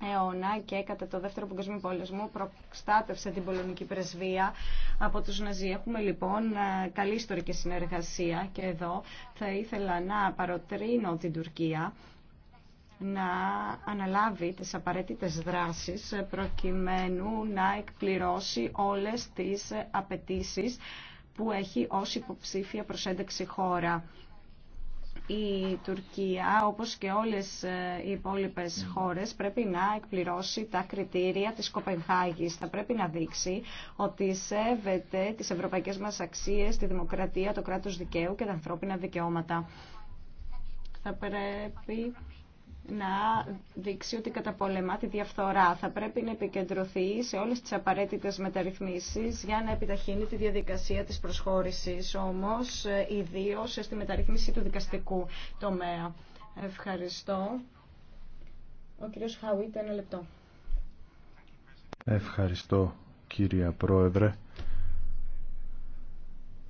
αιώνα και κατά το δεύτερο παγκόσμιο πόλεμο προστάτευσε την πολωνική πρεσβεία από τους Ναζί. Έχουμε λοιπόν ε, καλή ιστορική συνεργασία και εδώ θα ήθελα να παροτρύνω την Τουρκία να αναλάβει τις απαραίτητες δράσεις προκειμένου να εκπληρώσει όλες τις απαιτήσεις που έχει ως υποψήφια προσέντεξη χώρα η Τουρκία, όπως και όλες ε, οι υπόλοιπες χώρες, πρέπει να εκπληρώσει τα κριτήρια της Κοπενχάγης. Θα πρέπει να δείξει ότι σέβεται τις ευρωπαϊκές μας αξίες, τη δημοκρατία, το κράτος δικαίου και τα ανθρώπινα δικαιώματα. Θα πρέπει να δείξει ότι καταπολεμά τη διαφθορά. Θα πρέπει να επικεντρωθεί σε όλες τις απαραίτητες μεταρρυθμίσεις για να επιταχύνει τη διαδικασία της προσχώρησης, όμως ε, ιδίως στη μεταρρύθμιση του δικαστικού τομέα. Ευχαριστώ. Ο κύριος Χαουίτ, ένα λεπτό. Ευχαριστώ κύρια Πρόεδρε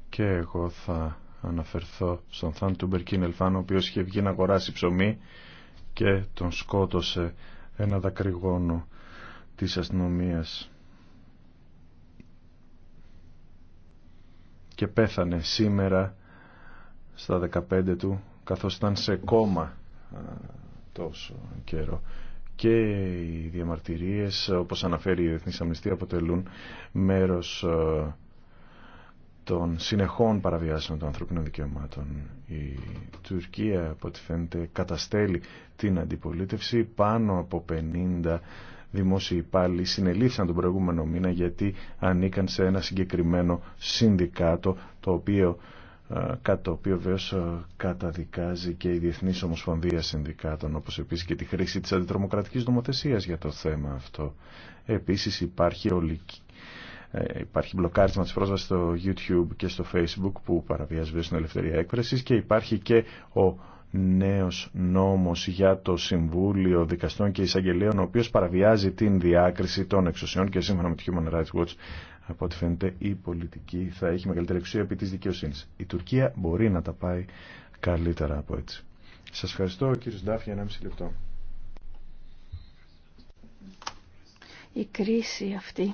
και εγώ θα αναφερθώ στον Θάν Μπερκίν Ελφάν ο οποίος είχε βγει να αγοράσει ψωμί και τον σκότωσε ένα δακρυγόνο της αστυνομίας και πέθανε σήμερα στα 15 του καθώς ήταν σε κόμμα τόσο καιρό και οι διαμαρτυρίες όπως αναφέρει η Εθνής Αμνηστή αποτελούν μέρος των συνεχών παραβιάσεων των ανθρωπίνων δικαιωμάτων. Η Τουρκία, από ό,τι φαίνεται, καταστέλει την αντιπολίτευση. Πάνω από 50 δημόσιοι υπάλληλοι συνελήφθησαν τον προηγούμενο μήνα γιατί ανήκαν σε ένα συγκεκριμένο συνδικάτο, το οποίο, κατά το οποίο βέβαια καταδικάζει και η Διεθνής Ομοσπονδία Συνδικάτων, όπως επίσης και τη χρήση της αντιτρομοκρατικής νομοθεσίας για το θέμα αυτό. Επίσης υπάρχει ολική υπάρχει μπλοκάρισμα της πρόσβασης στο YouTube και στο Facebook που παραβιάζει την ελευθερία έκφρασης και υπάρχει και ο νέος νόμος για το Συμβούλιο Δικαστών και Εισαγγελίων ο οποίος παραβιάζει την διάκριση των εξουσιών και σύμφωνα με το Human Rights Watch από ό,τι φαίνεται η πολιτική θα έχει μεγαλύτερη εξουσία επί της δικαιοσύνης. Η Τουρκία μπορεί να τα πάει καλύτερα από έτσι. Σας ευχαριστώ κύριε Σντάφ για 1,5 λεπτό. Η κρίση αυτή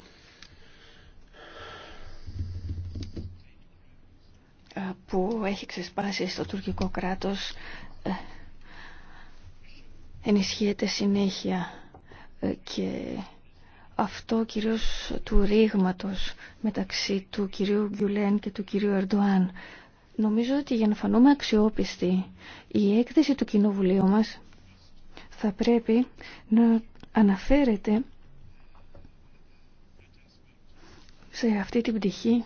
Ε, που έχει ξεσπάσει στο τουρκικό κράτος ε, ενισχύεται συνέχεια ε, και αυτό κυρίως του ρήγματος μεταξύ του κυρίου Γκιουλέν και του κυρίου Ερντοάν. Νομίζω ότι για να φανούμε αξιόπιστοι η έκθεση του κοινοβουλίου μας θα πρέπει να αναφέρεται σε αυτή την πτυχή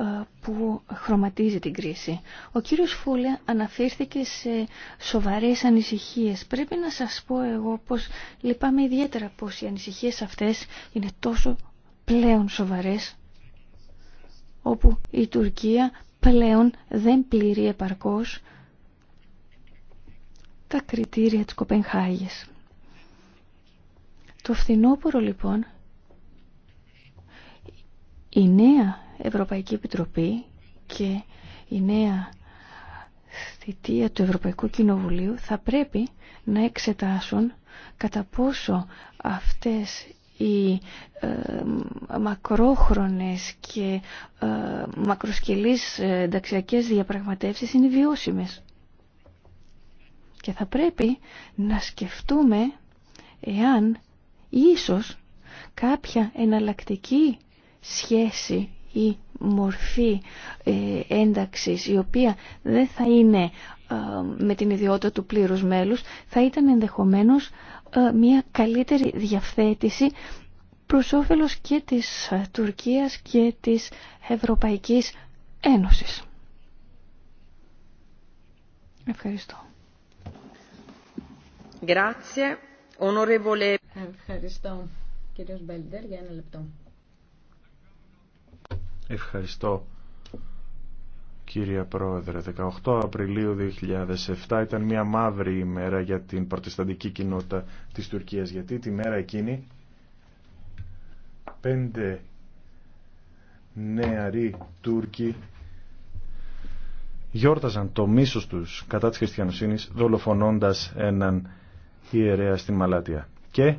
ε, που χρωματίζει την κρίση. Ο κύριος Φούλε αναφέρθηκε σε σοβαρές ανησυχίες. Πρέπει να σας πω εγώ πως λυπάμαι ιδιαίτερα πως οι ανησυχίες αυτές είναι τόσο πλέον σοβαρές όπου η Τουρκία πλέον δεν πληρεί επαρκώς τα κριτήρια της Κοπενχάγης. Το φθινόπωρο λοιπόν η νέα Ευρωπαϊκή Επιτροπή και η νέα θητεία του Ευρωπαϊκού Κοινοβουλίου θα πρέπει να εξετάσουν κατά πόσο αυτές οι ε, μακρόχρονες και ε, μακροσκελείς ε, ενταξιακές διαπραγματεύσεις είναι βιώσιμες. Και θα πρέπει να σκεφτούμε εάν ίσως κάποια εναλλακτική σχέση η μορφή ε, ένταξης η οποία δεν θα είναι ε, με την ιδιότητα του πλήρους μέλους θα ήταν ενδεχομένως ε, μια καλύτερη διαφθέτηση προς όφελος και της Τουρκίας και της Ευρωπαϊκής Ένωσης. Ευχαριστώ. Grazie. Onorevole. Ευχαριστώ. Κύριος Μπέλντερ για ένα λεπτό. Ευχαριστώ κύριε Πρόεδρε. 18 Απριλίου 2007 ήταν μια μαύρη ημέρα για την προτεσταντική κοινότητα της Τουρκίας γιατί τη μέρα εκείνη πέντε νεαροί Τούρκοι γιόρταζαν το μίσος τους κατά της χριστιανοσύνης δολοφονώντας έναν ιερέα στην Μαλάτια. Και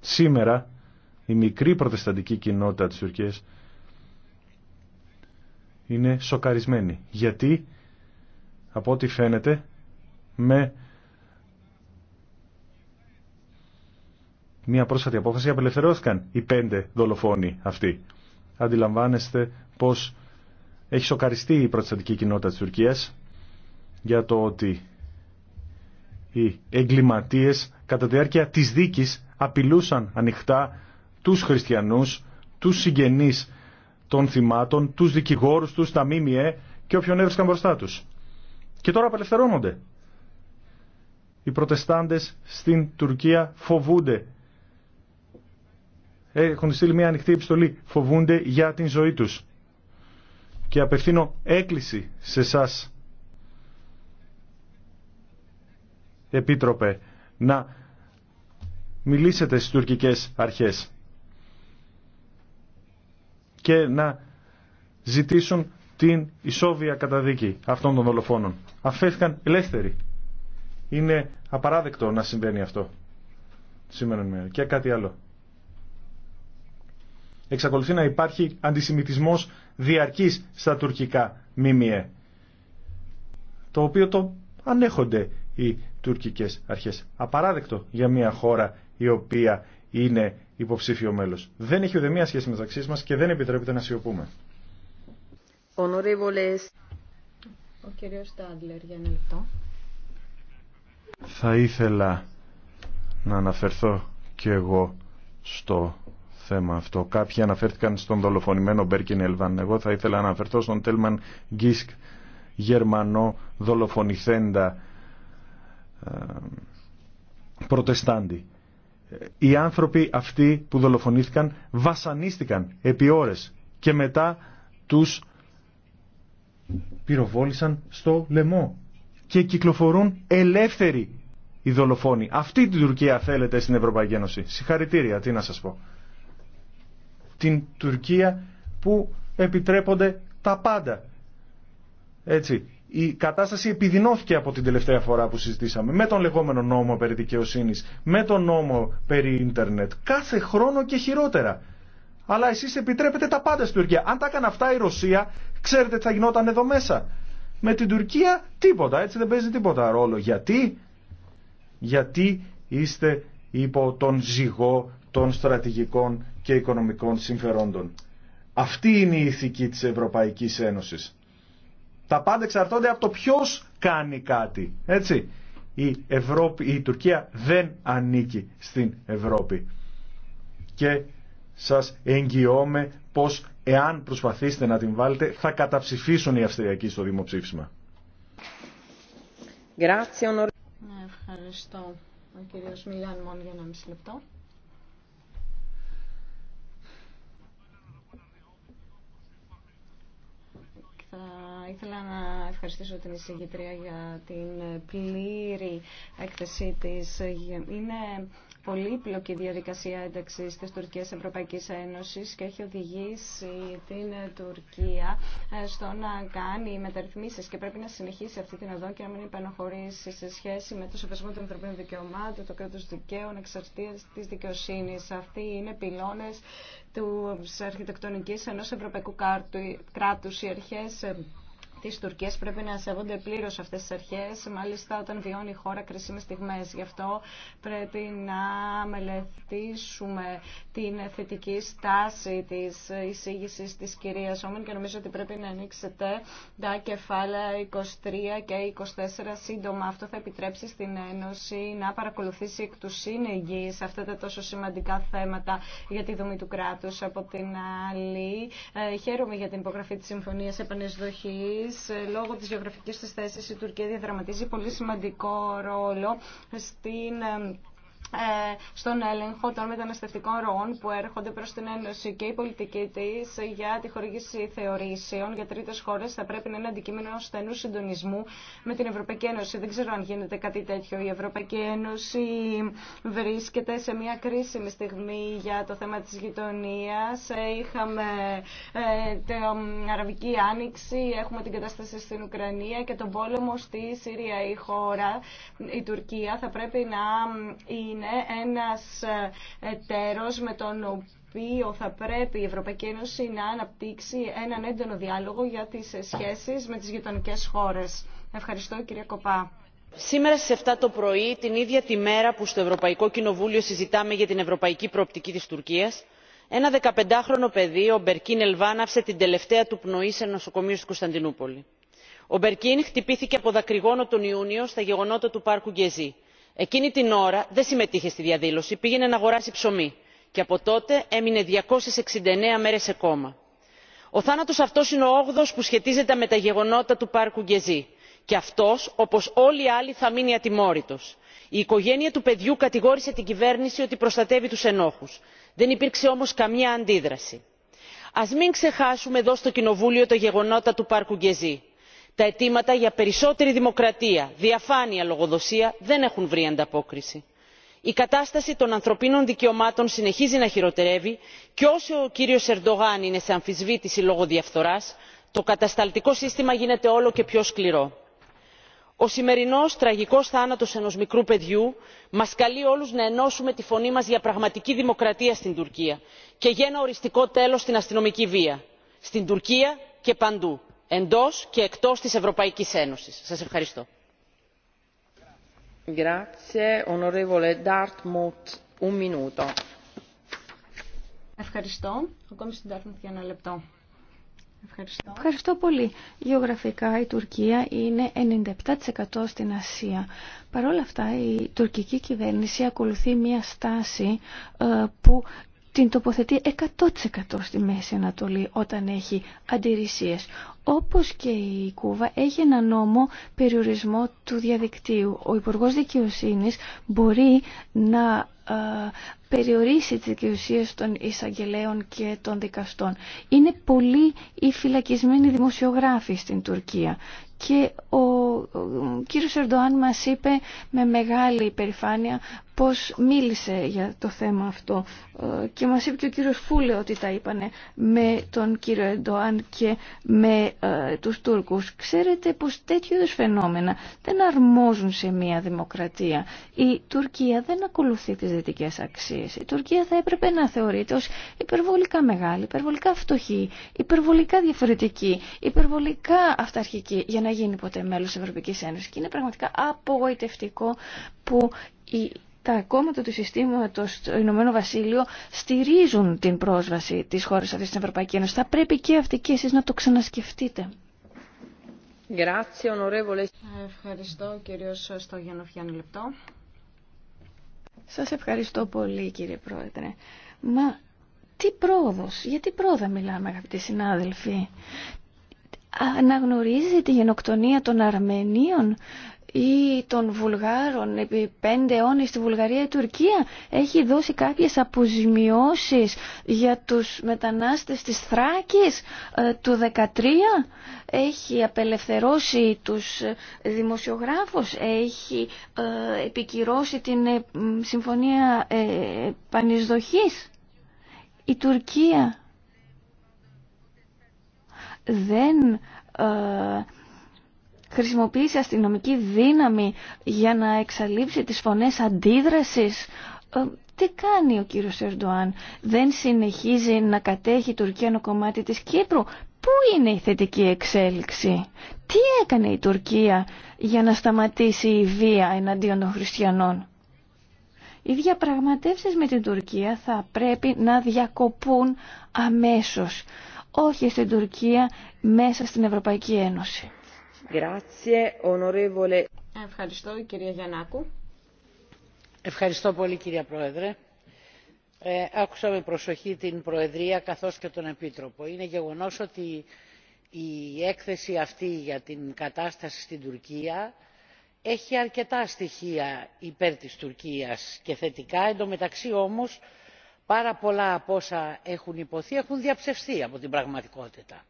σήμερα η μικρή προτεσταντική κοινότητα της Τουρκίας είναι σοκαρισμένη. Γιατί, από ό,τι φαίνεται, με μια πρόσφατη απόφαση απελευθερώθηκαν οι πέντε δολοφόνοι αυτοί. Αντιλαμβάνεστε πως έχει σοκαριστεί η προτεσταντική κοινότητα της Τουρκίας για το ότι οι εγκληματίες κατά τη διάρκεια της δίκης απειλούσαν ανοιχτά τους χριστιανούς, τους συγγενείς των θυμάτων, τους δικηγόρους τους, τα ΜΜΕ και όποιον έβρισκαν μπροστά τους. Και τώρα απελευθερώνονται. Οι προτεστάντες στην Τουρκία φοβούνται. Έχουν στείλει μια ανοιχτή επιστολή. Φοβούνται για την ζωή τους. Και απευθύνω έκκληση σε εσά. Επίτροπε, να μιλήσετε στις τουρκικές αρχές και να ζητήσουν την ισόβια καταδίκη αυτών των δολοφόνων. Αφέθηκαν ελεύθεροι. Είναι απαράδεκτο να συμβαίνει αυτό σήμερα Και κάτι άλλο. Εξακολουθεί να υπάρχει αντισημιτισμός διαρκής στα τουρκικά μήμια, το οποίο το ανέχονται οι τουρκικές αρχές. Απαράδεκτο για μια χώρα η οποία είναι υποψήφιο μέλος. Δεν έχει ουδεμία σχέση μεταξύ μα και δεν επιτρέπεται να σιωπούμε. Ο Στάντλερ, για ένα λεπτό. Θα ήθελα να αναφερθώ και εγώ στο θέμα αυτό. Κάποιοι αναφέρθηκαν στον δολοφονημένο Μπέρκιν Ελβαν. Εγώ θα ήθελα να αναφερθώ στον Τέλμαν Γκίσκ, Γερμανό δολοφονηθέντα ε, προτεστάντη οι άνθρωποι αυτοί που δολοφονήθηκαν βασανίστηκαν επί ώρες και μετά τους πυροβόλησαν στο λαιμό και κυκλοφορούν ελεύθεροι οι δολοφόνοι. Αυτή την Τουρκία θέλετε στην Ευρωπαϊκή Ένωση. Συγχαρητήρια, τι να σας πω. Την Τουρκία που επιτρέπονται τα πάντα. Έτσι, η κατάσταση επιδεινώθηκε από την τελευταία φορά που συζητήσαμε με τον λεγόμενο νόμο περί δικαιοσύνης, με τον νόμο περί ίντερνετ. Κάθε χρόνο και χειρότερα. Αλλά εσεί επιτρέπετε τα πάντα στην Τουρκία. Αν τα έκανε αυτά η Ρωσία, ξέρετε τι θα γινόταν εδώ μέσα. Με την Τουρκία τίποτα, έτσι δεν παίζει τίποτα ρόλο. Γιατί, γιατί είστε υπό τον ζυγό των στρατηγικών και οικονομικών συμφερόντων. Αυτή είναι η ηθική της Ευρωπαϊκής Ένωσης. Τα πάντα εξαρτώνται από το ποιο κάνει κάτι. Έτσι. Η, Ευρώπη, η Τουρκία δεν ανήκει στην Ευρώπη. Και σας εγγυώμαι πως εάν προσπαθήσετε να την βάλετε θα καταψηφίσουν οι Αυστριακοί στο δημοψήφισμα. Ναι, ευχαριστώ. Ο κύριος μόνο για ένα μισή λεπτό. Θα ήθελα να ευχαριστήσω την εισηγητρία για την πλήρη έκθεσή της. Είναι πολύπλοκη διαδικασία ένταξης της Τουρκίας Ευρωπαϊκή Ένωση και έχει οδηγήσει την Τουρκία ε, στο να κάνει μεταρρυθμίσεις και πρέπει να συνεχίσει αυτή την οδό και να μην υπενοχωρήσει σε σχέση με το σεβασμό των ανθρωπίνων δικαιωμάτων, το κράτος δικαίων, εξαρτία τη δικαιοσύνη. Αυτοί είναι πυλώνες του αρχιτεκτονική ενό ευρωπαϊκού κράτου, Οι αρχέ. Ε, τις Τουρκίες πρέπει να σέβονται πλήρως αυτές τις αρχές, μάλιστα όταν βιώνει η χώρα κρίσιμες στιγμές. Γι' αυτό πρέπει να μελετήσουμε την θετική στάση της εισήγησης της κυρίας Όμων και νομίζω ότι πρέπει να ανοίξετε τα κεφάλαια 23 και 24 σύντομα. Αυτό θα επιτρέψει στην Ένωση να παρακολουθήσει εκ του σύνεγγυ σε αυτά τα τόσο σημαντικά θέματα για τη δομή του κράτους. Από την άλλη, ε, χαίρομαι για την υπογραφή της Συμφωνίας Επανεσδοχής λόγω της γεωγραφικής της θέσης η Τουρκία διαδραματίζει πολύ σημαντικό ρόλο στην ε, ε, στον έλεγχο των μεταναστευτικών ροών που έρχονται προς την Ένωση και η πολιτική της για τη χορήγηση θεωρήσεων για τρίτες χώρες θα πρέπει να είναι αντικείμενο στενού συντονισμού με την Ευρωπαϊκή Ένωση. Δεν ξέρω αν γίνεται κάτι τέτοιο. Η Ευρωπαϊκή Ένωση βρίσκεται σε μια κρίσιμη στιγμή για το θέμα της γειτονίας. Ε, είχαμε ε, την Αραβική Άνοιξη, έχουμε την κατάσταση στην Ουκρανία και τον πόλεμο στη Συρία. Η χώρα, η Τουρκία, θα πρέπει να είναι είναι ένας ε, εταίρος με τον οποίο θα πρέπει η Ευρωπαϊκή Ένωση να αναπτύξει έναν έντονο διάλογο για τις σχέσεις με τις γειτονικέ χώρες. Ευχαριστώ κυρία Κοπά. Σήμερα στις 7 το πρωί, την ίδια τη μέρα που στο Ευρωπαϊκό Κοινοβούλιο συζητάμε για την ευρωπαϊκή προοπτική της Τουρκίας, ένα 15χρονο παιδί, ο Μπερκίν Ελβάναυσε την τελευταία του πνοή σε νοσοκομείο στην Κωνσταντινούπολη. Ο Μπερκίν χτυπήθηκε από δακρυγόνο τον Ιούνιο στα γεγονότα του πάρκου Γκεζί εκείνη την ώρα δεν συμμετείχε στη διαδήλωση πήγαινε να αγοράσει ψωμί και από τότε έμεινε 269 μέρες σε κόμμα. Ο θάνατος αυτός είναι ο όγδοος που σχετίζεται με τα γεγονότα του πάρκου Γκεζί και αυτός όπως όλοι οι άλλοι θα μείνει ατιμόρυτος. Η οικογένεια του παιδιού κατηγόρησε την κυβέρνηση ότι προστατεύει τους ενόχους. Δεν υπήρξε όμως καμία αντίδραση. Ας μην ξεχάσουμε εδώ στο Κοινοβούλιο τα γεγονότα του πάρκου Γκεζί τα αιτήματα για περισσότερη δημοκρατία διαφάνεια λογοδοσία δεν έχουν βρει ανταπόκριση. η κατάσταση των ανθρωπίνων δικαιωμάτων συνεχίζει να χειροτερεύει και όσο ο κύριος ερντογάν είναι σε αμφισβήτηση λόγω διαφθοράς το κατασταλτικό σύστημα γίνεται όλο και πιο σκληρό. ο σημερινός τραγικός θάνατος ενός μικρού παιδιού μας καλεί όλους να ενώσουμε τη φωνή μας για πραγματική δημοκρατία στην τουρκία και για ένα οριστικό τέλος στην αστυνομική βία στην τουρκία και παντού εντός και εκτός της Ευρωπαϊκής Ένωσης. Σας ευχαριστώ. Ευχαριστώ. πολύ. Γεωγραφικά η Τουρκία είναι 97% στην Ασία. Παρ' όλα αυτά η τουρκική κυβέρνηση ακολουθεί μια στάση ε, που την τοποθετεί 100% στη Μέση Ανατολή όταν έχει αντιρρησίες. Όπως και η Κούβα έχει ένα νόμο περιορισμό του διαδικτύου. Ο Υπουργός Δικαιοσύνης μπορεί να ε, περιορίσει τις δικαιοσύνες των εισαγγελέων και των δικαστών. Είναι πολύ οι φυλακισμένοι δημοσιογράφοι στην Τουρκία και ο κύριος Ερντοάν μας είπε με μεγάλη υπερηφάνεια πως μίλησε για το θέμα αυτό ε, και μας είπε και ο κύριος Φούλε ότι τα είπανε με τον κύριο Εντοάν και με ε, τους Τούρκους. Ξέρετε πως τέτοιου είδους φαινόμενα δεν αρμόζουν σε μια δημοκρατία. Η Τουρκία δεν ακολουθεί τις δυτικές αξίες. Η Τουρκία θα έπρεπε να θεωρείται ως υπερβολικά μεγάλη, υπερβολικά φτωχή, υπερβολικά διαφορετική, υπερβολικά αυταρχική για να γίνει ποτέ μέλος της Ευρωπαϊκής Ένωσης. Και είναι πραγματικά απογοητευτικό που η τα κόμματα του συστήματος στο Ηνωμένο Βασίλειο στηρίζουν την πρόσβαση της χώρας αυτής στην Ευρωπαϊκή Ένωση. Θα πρέπει και αυτοί και εσείς να το ξανασκεφτείτε. Ευχαριστώ κύριος Σας ευχαριστώ πολύ κύριε Πρόεδρε. Μα τι πρόοδος, τι πρόοδα μιλάμε αγαπητοί συνάδελφοι. Αναγνωρίζετε τη γενοκτονία των Αρμενίων ή των Βουλγάρων επί πέντε αιώνες στη Βουλγαρία η Τουρκία έχει δώσει κάποιες αποζημιώσεις για τους μετανάστες της Θράκης ε, του 13 έχει απελευθερώσει τους ε, δημοσιογράφους έχει ε, επικυρώσει την συμφωνία πανισδοχής η Τουρκία δεν χρησιμοποίησε αστυνομική δύναμη για να εξαλείψει τις φωνές αντίδρασης. Ε, τι κάνει ο κύριος Ερντοάν, δεν συνεχίζει να κατέχει η Τουρκία κομμάτι της Κύπρου. Πού είναι η θετική εξέλιξη, τι έκανε η Τουρκία για να σταματήσει η βία εναντίον των χριστιανών. Οι διαπραγματεύσεις με την Τουρκία θα πρέπει να διακοπούν αμέσως, όχι στην Τουρκία μέσα στην Ευρωπαϊκή Ένωση. Ευχαριστώ, κυρία Γιαννάκου. Ευχαριστώ πολύ, κυρία Πρόεδρε. Ε, άκουσα με προσοχή την Προεδρία καθώς και τον Επίτροπο. Είναι γεγονός ότι η έκθεση αυτή για την κατάσταση στην Τουρκία έχει αρκετά στοιχεία υπέρ της Τουρκίας και θετικά. Εν τω μεταξύ όμως πάρα πολλά από όσα έχουν υποθεί έχουν διαψευστεί από την πραγματικότητα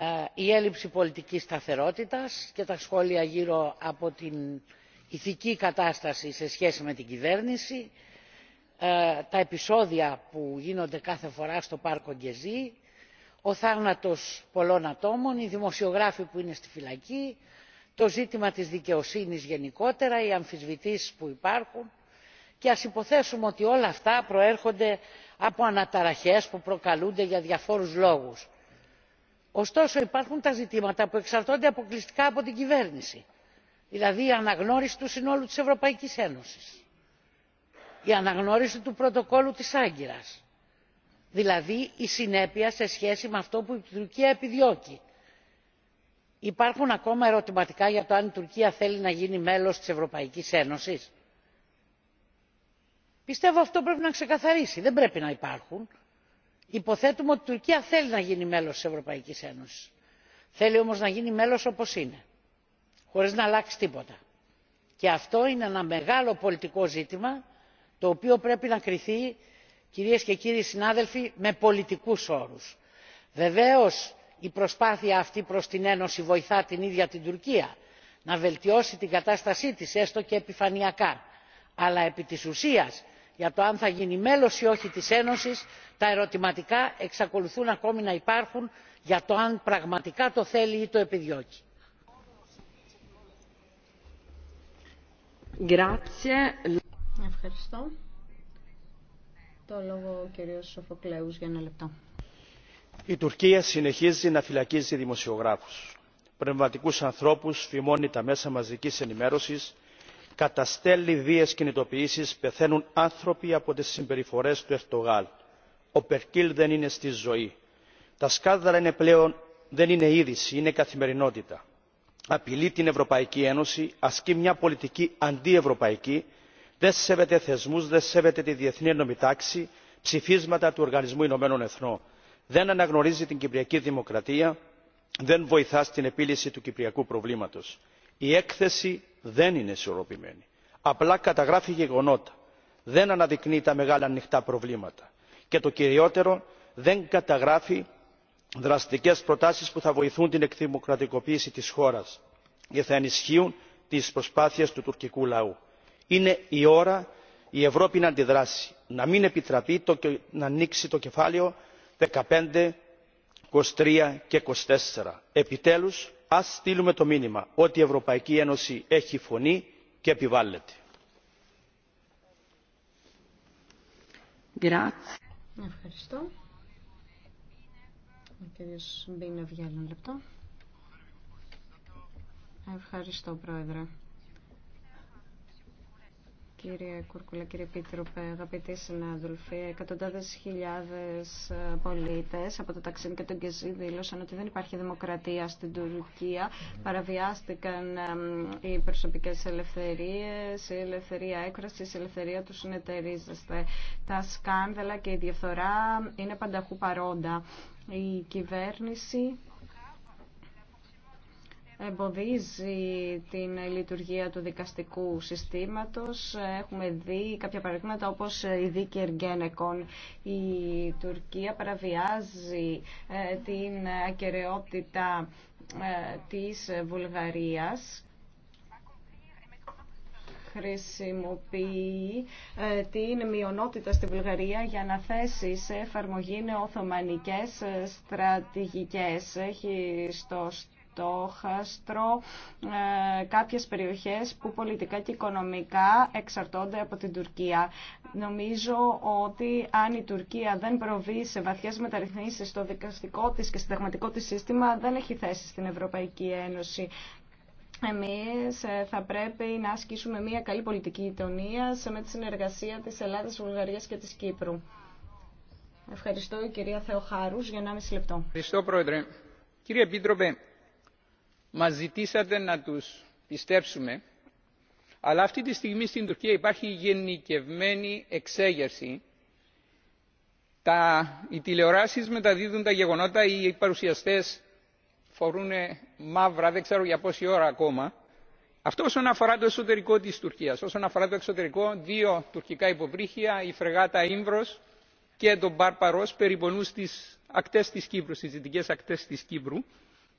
ε, η έλλειψη πολιτικής σταθερότητας και τα σχόλια γύρω από την ηθική κατάσταση σε σχέση με την κυβέρνηση ε, τα επεισόδια που γίνονται κάθε φορά στο πάρκο γκεζί ο θάνατος πολλών ατόμων οι δημοσιογράφοι που είναι στη φυλακή το ζήτημα της δικαιοσύνης γενικότερα οι αμφισβητήσεις που υπάρχουν και ας υποθέσουμε ότι όλα αυτά προέρχονται από αναταραχές που προκαλούνται για διαφόρους λόγους ωστόσο υπάρχουν τα ζητήματα που εξαρτώνται αποκλειστικά από την κυβέρνηση δηλαδή η αναγνώριση του συνόλου της ευρωπαϊκής ένωσης η αναγνώριση του πρωτοκόλλου της άγκυρας δηλαδή η συνέπεια σε σχέση με αυτό που η τουρκία επιδιώκει. υπάρχουν ακόμα ερωτηματικά για το αν η τουρκία θέλει να γίνει μέλος της ευρωπαϊκής ένωσης. πιστεύω αυτό πρέπει να ξεκαθαρίσει δεν πρέπει να υπάρχουν υποθέτουμε ότι η τουρκία θέλει να γίνει μέλος της ευρωπαϊκής ένωσης θέλει όμως να γίνει μέλος όπως είναι χωρίς να αλλάξει τίποτα και αυτό είναι ένα μεγάλο πολιτικό ζήτημα το οποίο πρέπει να κριθεί κυρίες και κύριοι συνάδελφοι με πολιτικούς όρους. βεβαίως η προσπάθεια αυτή προς την ένωση βοηθά την ίδια την τουρκία να βελτιώσει την κατάστασή της έστω και επιφανειακά αλλά επί της ουσίας για το αν θα γίνει μέλος ή όχι της ένωσης τα ερωτηματικά εξακολουθούν ακόμη να υπάρχουν για το αν πραγματικά το θέλει ή το επιδιώκει. Ευχαριστώ. Το λόγο ο κύριος Σοφοκλέους για ένα λεπτό. Η το επιδιωκει για ενα η τουρκια συνεχιζει να φυλακίζει δημοσιογράφους, πνευματικούς ανθρώπους, φημώνει τα μέσα μαζικής ενημέρωσης καταστέλει βιε κινητοποιήσεις πεθαίνουν άνθρωποι από τις συμπεριφορές του ερντογάν. ο περκίλ δεν είναι στη ζωή. τα σκάνδαλα πλέον δεν είναι είδηση είναι καθημερινότητα. απειλεί την ευρωπαϊκή ένωση ασκεί μια πολιτική αντιευρωπαϊκή δεν σέβεται θεσμούς δεν σέβεται τη διεθνή νόμη τάξη ψηφίσματα του οργανισμού ηνωμένων εθνών δεν αναγνωρίζει την κυπριακή δημοκρατία δεν βοηθά στην επίλυση του κυπριακού προβλήματο. η έκθεση δεν είναι ισορροπημένη. απλά καταγράφει γεγονότα δεν αναδεικνύει τα μεγάλα ανοιχτά προβλήματα και το κυριότερο δεν καταγράφει δραστικές προτάσεις που θα βοηθούν την εκδημοκρατικοποίηση της χώρας και θα ενισχύουν τις προσπάθειες του τουρκικού λαού. είναι η ώρα η ευρώπη να αντιδράσει να μην επιτραπεί να ανοίξει το κεφάλαιο 15, 23 και 24. Επιτέλους Α στείλουμε το μήνυμα ότι η ευρωπαϊκή ένωση έχει φωνή και επιβάλλεται. Ευχαριστώ. Ευχαριστώ, Πρόεδρε. Κύριε Κουρκουλα, κύριε Πίτροπε, αγαπητοί συνάδελφοι, εκατοντάδε χιλιάδε ε, πολίτε από το Ταξίν και τον Κεζί δήλωσαν ότι δεν υπάρχει δημοκρατία στην Τουρκία. Παραβιάστηκαν οι προσωπικέ ελευθερίε, η ελευθερία έκφραση, η ελευθερία του συνεταιρίζεστε. Τα σκάνδαλα και η διαφθορά είναι πανταχού παρόντα. Η κυβέρνηση εμποδίζει την λειτουργία του δικαστικού συστήματος. Έχουμε δει κάποια παραδείγματα όπως η δίκη Εργένεκον. Η Τουρκία παραβιάζει ε, την ακαιρεότητα ε, της Βουλγαρίας χρησιμοποιεί ε, την μειονότητα στη Βουλγαρία για να θέσει σε εφαρμογή νεοοθωμανικές στρατηγικές. Έχει στο στόχαστρο ε, κάποιες περιοχές που πολιτικά και οικονομικά εξαρτώνται από την Τουρκία. Νομίζω ότι αν η Τουρκία δεν προβεί σε βαθιές μεταρρυθμίσεις στο δικαστικό της και συνταγματικό της σύστημα, δεν έχει θέση στην Ευρωπαϊκή Ένωση. Εμείς ε, θα πρέπει να ασκήσουμε μια καλή πολιτική γειτονία με τη συνεργασία της Ελλάδας, της Βουλγαρίας και της Κύπρου. Ευχαριστώ κυρία Θεοχάρους για 1,5 λεπτό. Ευχαριστώ πρόεδρε. Κύριε Επίτροπε, Μα ζητήσατε να τους πιστέψουμε αλλά αυτή τη στιγμή στην Τουρκία υπάρχει γενικευμένη εξέγερση. Τα, οι τηλεοράσεις μεταδίδουν τα γεγονότα, οι παρουσιαστές φορούν μαύρα, δεν ξέρω για πόση ώρα ακόμα. Αυτό όσον αφορά το εσωτερικό της Τουρκίας. Όσον αφορά το εξωτερικό, δύο τουρκικά υποβρύχια, η φρεγάτα Ήμβρο και το Μπάρπαρος περιπονούν στις ακτές της Κύπρου, στις δυτικές ακτές της Κύπρου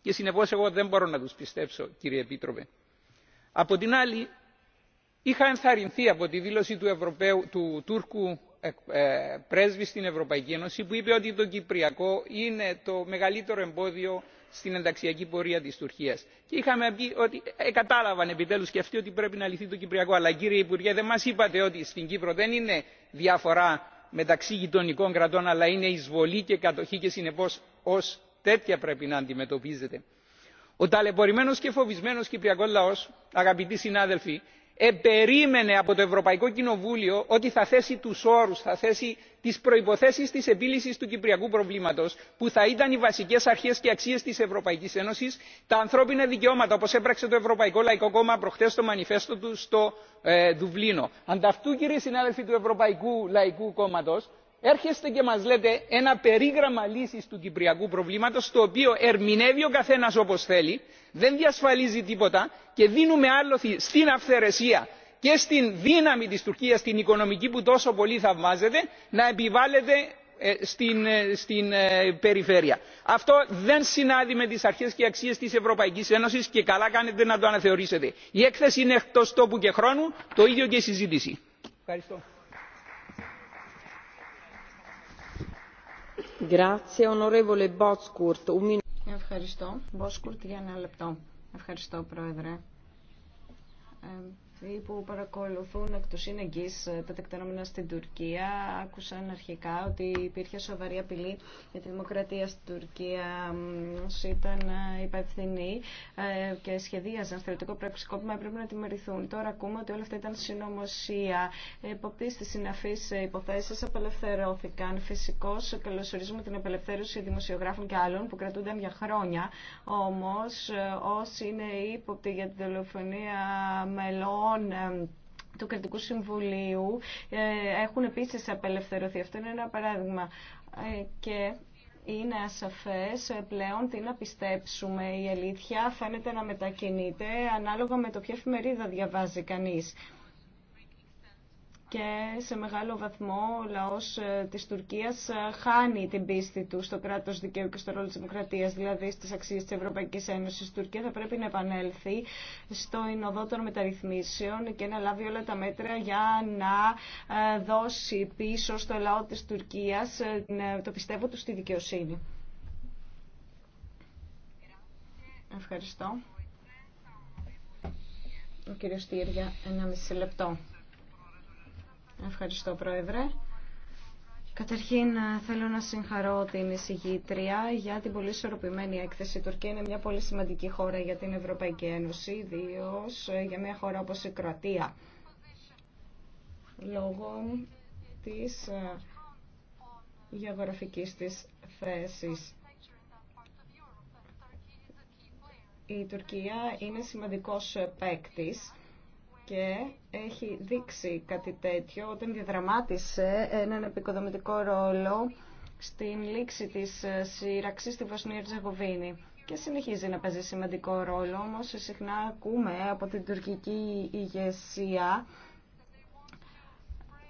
και συνεπώ εγώ δεν μπορώ να του πιστέψω κύριε Επίτροπε. Από την άλλη είχα ενθαρρυνθεί από τη δήλωση του, Ευρωπαίου, του Τούρκου ε, ε, πρέσβη στην Ευρωπαϊκή Ένωση που είπε ότι το Κυπριακό είναι το μεγαλύτερο εμπόδιο στην ενταξιακή πορεία τη Τουρκία. Και είχαμε πει ότι ε, κατάλαβαν επιτέλου και αυτοί ότι πρέπει να λυθεί το Κυπριακό. Αλλά κύριε Υπουργέ δεν μα είπατε ότι στην Κύπρο δεν είναι διαφορά μεταξύ γειτονικών κρατών αλλά είναι εισβολή και κατοχή και συνεπώ ω τέτοια πρέπει να αντιμετωπίζεται. Ο ταλαιπωρημένος και φοβισμένος Κυπριακό λαός, αγαπητοί συνάδελφοι, επερίμενε από το Ευρωπαϊκό Κοινοβούλιο ότι θα θέσει του όρους, θα θέσει τις προϋποθέσεις της επίλυσης του κυπριακού προβλήματος που θα ήταν οι βασικές αρχές και αξίες της Ευρωπαϊκής Ένωσης, τα ανθρώπινα δικαιώματα όπως έπραξε το Ευρωπαϊκό Λαϊκό Κόμμα προχθέ στο μανιφέστο του στο ε, Δουβλίνο. Ανταυτού κύριοι συνάδελφοι του Ευρωπαϊκού Λαϊκού Κόμματος έρχεστε και μας λέτε ένα περίγραμμα λύσης του κυπριακού προβλήματος το οποίο ερμηνεύει ο καθένας όπως θέλει δεν διασφαλίζει τίποτα και δίνουμε άλοθη στην αυθαιρεσία και στην δύναμη της τουρκίας την οικονομική που τόσο πολύ θαυμάζεται να επιβάλλεται ε, στην, ε, στην ε, περιφέρεια. αυτό δεν συνάδει με τις αρχές και αξίες της ευρωπαϊκής ένωσης και καλά κάνετε να το αναθεωρήσετε. η έκθεση είναι εκτός τόπου και χρόνου το ίδιο και η συζήτηση. Ευχαριστώ. Ευχαριστώ. Πρόεδρε. Ε, που παρακολουθούν εκ του σύνεγγυς ε, τα τεκτενόμενα στην Τουρκία άκουσαν αρχικά ότι υπήρχε σοβαρή απειλή για τη δημοκρατία στην Τουρκία όσοι ήταν ε, υπευθυνοί ε, και σχεδίαζαν στρατιωτικό πραξικόπημα έπρεπε να τιμωρηθούν. Τώρα ακούμε ότι όλα αυτά ήταν συνωμοσία. Υποπτήσει στι συναφείς υποθέσεις απελευθερώθηκαν. Φυσικώς καλωσορίζουμε την απελευθέρωση δημοσιογράφων και άλλων που κρατούνταν για χρόνια. Όμως όσοι είναι ύποπτοι για τη δολοφονία μελών Λοιπόν, του Κρατικού Συμβουλίου ε, έχουν επίσης απελευθερωθεί. Αυτό είναι ένα παράδειγμα. Ε, και είναι ασαφές ε, πλέον τι να πιστέψουμε. Η αλήθεια φαίνεται να μετακινείται ανάλογα με το ποια εφημερίδα διαβάζει κανείς και σε μεγάλο βαθμό ο λαός ε, της Τουρκίας ε, χάνει την πίστη του στο κράτος δικαίου και στο ρόλο της δημοκρατίας, δηλαδή στις αξίες της Ευρωπαϊκής Ένωσης. Η Τουρκία θα πρέπει να επανέλθει στο εινοδό των μεταρρυθμίσεων και να λάβει όλα τα μέτρα για να ε, δώσει πίσω στο λαό της Τουρκίας το πιστεύω του στη δικαιοσύνη. Ευχαριστώ. Ο κύριος Τύρια, ένα μισή λεπτό. Ευχαριστώ, Πρόεδρε. Καταρχήν ε, θέλω να συγχαρώ την εισηγήτρια για την πολύ ισορροπημένη έκθεση. Η Τουρκία είναι μια πολύ σημαντική χώρα για την Ευρωπαϊκή Ένωση, ιδίω ε, για μια χώρα όπως η Κροατία. Λόγω της ε, γεωγραφικής της θέσης. Η Τουρκία είναι σημαντικός παίκτης και έχει δείξει κάτι τέτοιο όταν διαδραμάτισε έναν επικοδομητικό ρόλο στην λήξη της ε, σύραξης στη Βοσνία Ριζεγοβίνη και συνεχίζει να παίζει σημαντικό ρόλο, όμως συχνά ακούμε από την τουρκική ηγεσία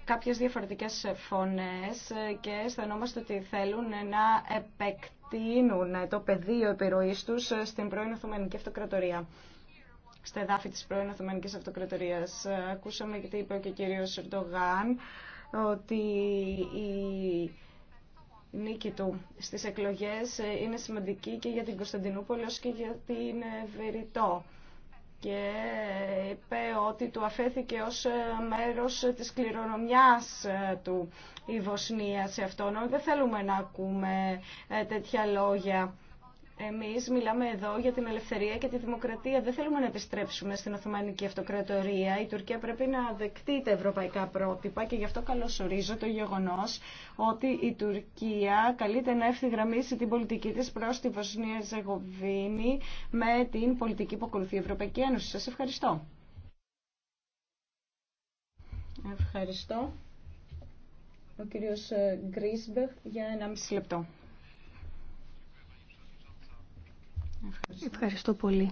κάποιες διαφορετικές φωνές και αισθανόμαστε ότι θέλουν να επεκτείνουν το πεδίο επιρροής τους στην πρώην Οθωμανική Αυτοκρατορία στα εδάφη της πρώην Οθωμανικής Αυτοκρατορίας. Ακούσαμε και τι είπε και ο κύριος Ερντογάν, ότι η νίκη του στις εκλογές είναι σημαντική και για την Κωνσταντινούπολη ως και για την Βεριτό και είπε ότι του αφέθηκε ως ε, μέρος της κληρονομιάς ε, του η Βοσνία σε αυτόν. Δεν θέλουμε να ακούμε ε, τέτοια λόγια εμείς μιλάμε εδώ για την ελευθερία και τη δημοκρατία. Δεν θέλουμε να επιστρέψουμε στην Οθωμανική Αυτοκρατορία. Η Τουρκία πρέπει να δεκτεί τα ευρωπαϊκά πρότυπα και γι' αυτό καλωσορίζω το γεγονό ότι η Τουρκία καλείται να ευθυγραμμίσει την πολιτική της προ τη Βοσνία Ζεγοβίνη με την πολιτική που ακολουθεί η Ευρωπαϊκή Ένωση. Σα ευχαριστώ. Ευχαριστώ. Ο κύριος Γκρίσμπεχ για 1,5 λεπτό. Ευχαριστώ. πολύ.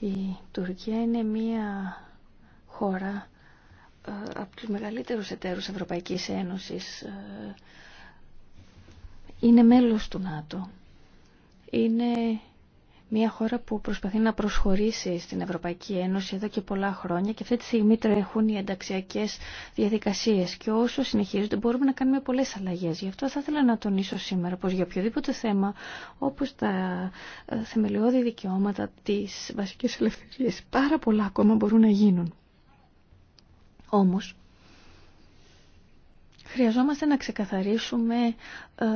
Η Τουρκία είναι μία χώρα ε, από τους μεγαλύτερους εταίρους Ευρωπαϊκής Ένωσης. Ε, είναι μέλος του ΝΑΤΟ. Είναι μια χώρα που προσπαθεί να προσχωρήσει στην Ευρωπαϊκή Ένωση εδώ και πολλά χρόνια και αυτή τη στιγμή τρέχουν οι ενταξιακέ διαδικασίε. Και όσο συνεχίζονται, μπορούμε να κάνουμε πολλέ αλλαγέ. Γι' αυτό θα ήθελα να τονίσω σήμερα πω για οποιοδήποτε θέμα, όπω τα ε, θεμελιώδη δικαιώματα, τι βασικέ ελευθερίε, πάρα πολλά ακόμα μπορούν να γίνουν. Όμω, χρειαζόμαστε να ξεκαθαρίσουμε. Ε,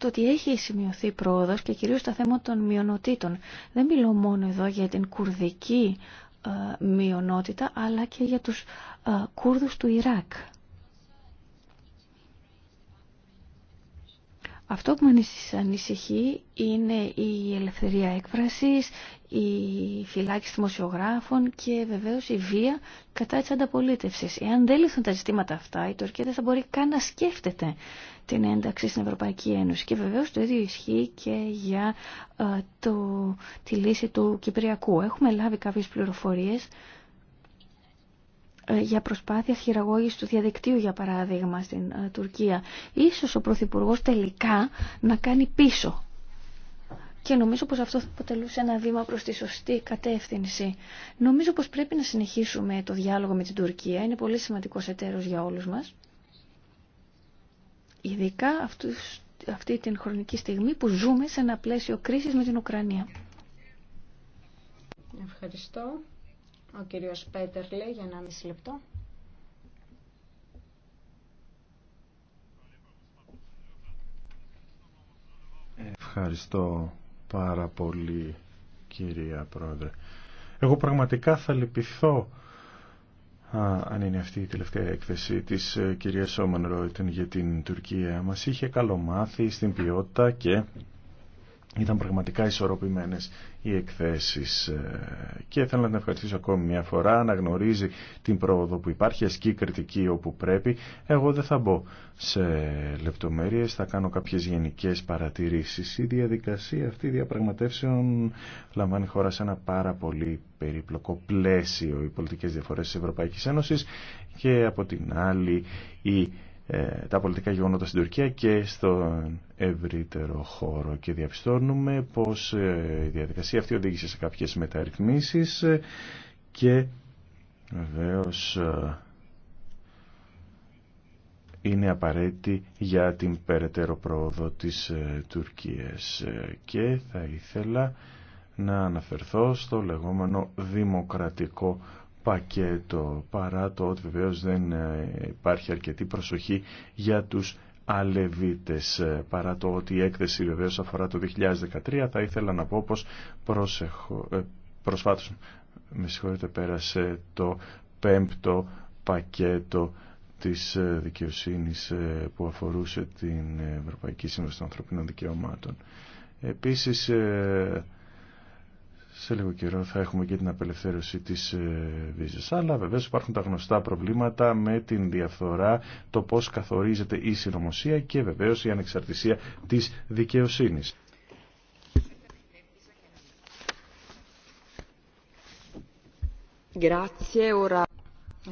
το ότι έχει σημειωθεί πρόοδος και κυρίως τα θέματα των μειονοτήτων. Δεν μιλώ μόνο εδώ για την κουρδική ε, μειονότητα αλλά και για τους ε, Κούρδους του Ιράκ. Αυτό που με ανησυχεί είναι η ελευθερία έκφρασης, η φυλάκιση δημοσιογράφων και βεβαίως η βία κατά της ανταπολίτευσης. Εάν δεν λυθούν τα ζητήματα αυτά, η Τουρκία δεν θα μπορεί καν να σκέφτεται την ένταξη στην Ευρωπαϊκή Ένωση. Και βεβαίως το ίδιο ισχύει και για ε, το, τη λύση του Κυπριακού. Έχουμε λάβει κάποιες πληροφορίες ε, για προσπάθεια χειραγώγηση του διαδικτύου, για παράδειγμα, στην ε, Τουρκία. Ίσως ο Πρωθυπουργό τελικά να κάνει πίσω. Και νομίζω πως αυτό θα αποτελούσε ένα βήμα προς τη σωστή κατεύθυνση. Νομίζω πως πρέπει να συνεχίσουμε το διάλογο με την Τουρκία. Είναι πολύ σημαντικός εταίρος για όλους μας. Ειδικά αυτούς, αυτή την χρονική στιγμή που ζούμε σε ένα πλαίσιο κρίσης με την Ουκρανία. Ευχαριστώ. Ο κύριος Πέτερλε για 1,5 λεπτό. Ευχαριστώ πάρα πολύ κυρία Πρόεδρε. Εγώ πραγματικά θα λυπηθώ Α, αν είναι αυτή η τελευταία έκθεση της ε, κυρίας Σόμαν Ρόιτεν για την Τουρκία. Μας είχε καλομάθει στην ποιότητα και ήταν πραγματικά ισορροπημένες οι εκθέσεις ε, και θέλω να την ευχαριστήσω ακόμη μια φορά, να γνωρίζει την πρόοδο που υπάρχει, ασκεί κριτική όπου πρέπει. Εγώ δεν θα μπω σε λεπτομέρειες, θα κάνω κάποιες γενικές παρατηρήσεις. Η διαδικασία αυτή διαπραγματεύσεων λαμβάνει χώρα σε ένα πάρα πολύ περίπλοκο πλαίσιο οι πολιτικές διαφορές της Ευρωπαϊκής Ένωσης και από την άλλη η ε, τα πολιτικά γεγονότα στην Τουρκία και στον ευρύτερο χώρο και διαπιστώνουμε πως ε, η διαδικασία αυτή οδήγησε σε κάποιες μεταρρυθμίσεις ε, και βεβαίως είναι απαραίτητη για την περαιτέρω πρόοδο της Τουρκίας και θα ήθελα να αναφερθώ στο λεγόμενο δημοκρατικό πακέτο παρά το ότι βεβαίως δεν ε, υπάρχει αρκετή προσοχή για τους αλεβίτες. Ε, παρά το ότι η έκθεση βεβαίως αφορά το 2013 θα ήθελα να πω πως προσεχω... Ε, προσφάτως με συγχωρείτε πέρασε το πέμπτο πακέτο της δικαιοσύνης που αφορούσε την Ευρωπαϊκή Σύμβαση των Ανθρωπίνων Δικαιωμάτων. Επίσης σε λίγο καιρό θα έχουμε και την απελευθέρωση της ε, βίζας. Αλλά βεβαίως υπάρχουν τα γνωστά προβλήματα με την διαφθορά, το πώς καθορίζεται η συνωμοσία και βεβαίως η ανεξαρτησία της δικαιοσύνης.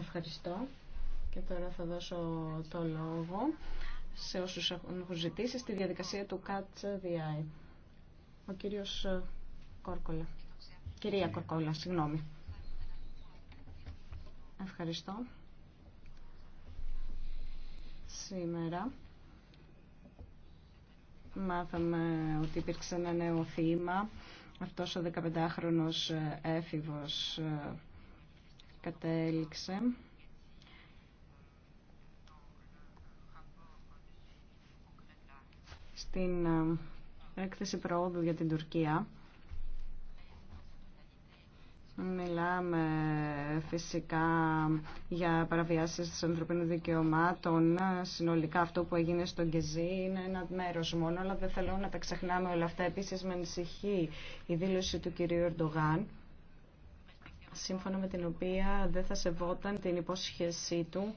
Ευχαριστώ. Και τώρα θα δώσω το λόγο σε όσους έχουν ζητήσει στη διαδικασία του ΚΑΤΣΔΙ. Ο κύριος ε, Κόρκολα. Κυρία Κορκόλα, συγγνώμη. Ευχαριστώ. Σήμερα μάθαμε ότι υπήρξε ένα νέο θύμα. Αυτός ο 15χρονος ε, έφηβος ε, κατέληξε. Στην ε, έκθεση προόδου για την Τουρκία Μιλάμε φυσικά για παραβιάσεις της ανθρωπίνων δικαιωμάτων. Συνολικά αυτό που έγινε στον Κεζί είναι ένα μέρος μόνο, αλλά δεν θέλω να τα ξεχνάμε όλα αυτά. Επίσης με ανησυχεί η δήλωση του κυρίου Ερντογάν, σύμφωνα με την οποία δεν θα σεβόταν την υπόσχεσή του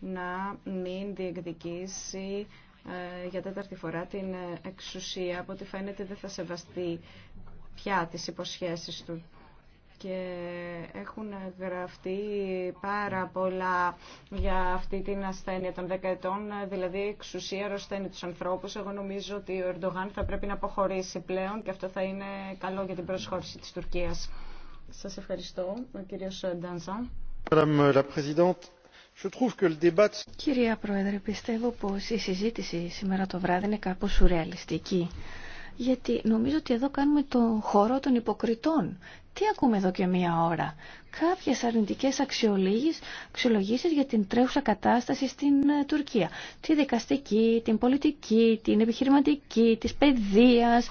να μην διεκδικήσει ε, για τέταρτη φορά την εξουσία, από ό,τι φαίνεται δεν θα σεβαστεί πια τις υποσχέσεις του και έχουν γραφτεί πάρα πολλά για αυτή την ασθένεια των δεκαετών, δηλαδή η εξουσία ρωσταίνει τους ανθρώπους. Εγώ νομίζω ότι ο Ερντογάν θα πρέπει να αποχωρήσει πλέον και αυτό θα είναι καλό για την προσχώρηση της Τουρκίας. Σας ευχαριστώ, ο κύριος Κυρία Πρόεδρε, πιστεύω πως η συζήτηση σήμερα το βράδυ είναι κάπως σουρεαλιστική γιατί νομίζω ότι εδώ κάνουμε τον χώρο των υποκριτών. Τι ακούμε εδώ και μία ώρα. Κάποιες αρνητικές αξιολογήσεις για την τρέχουσα κατάσταση στην ε, Τουρκία. Τη δικαστική, την πολιτική, την επιχειρηματική, της παιδείας,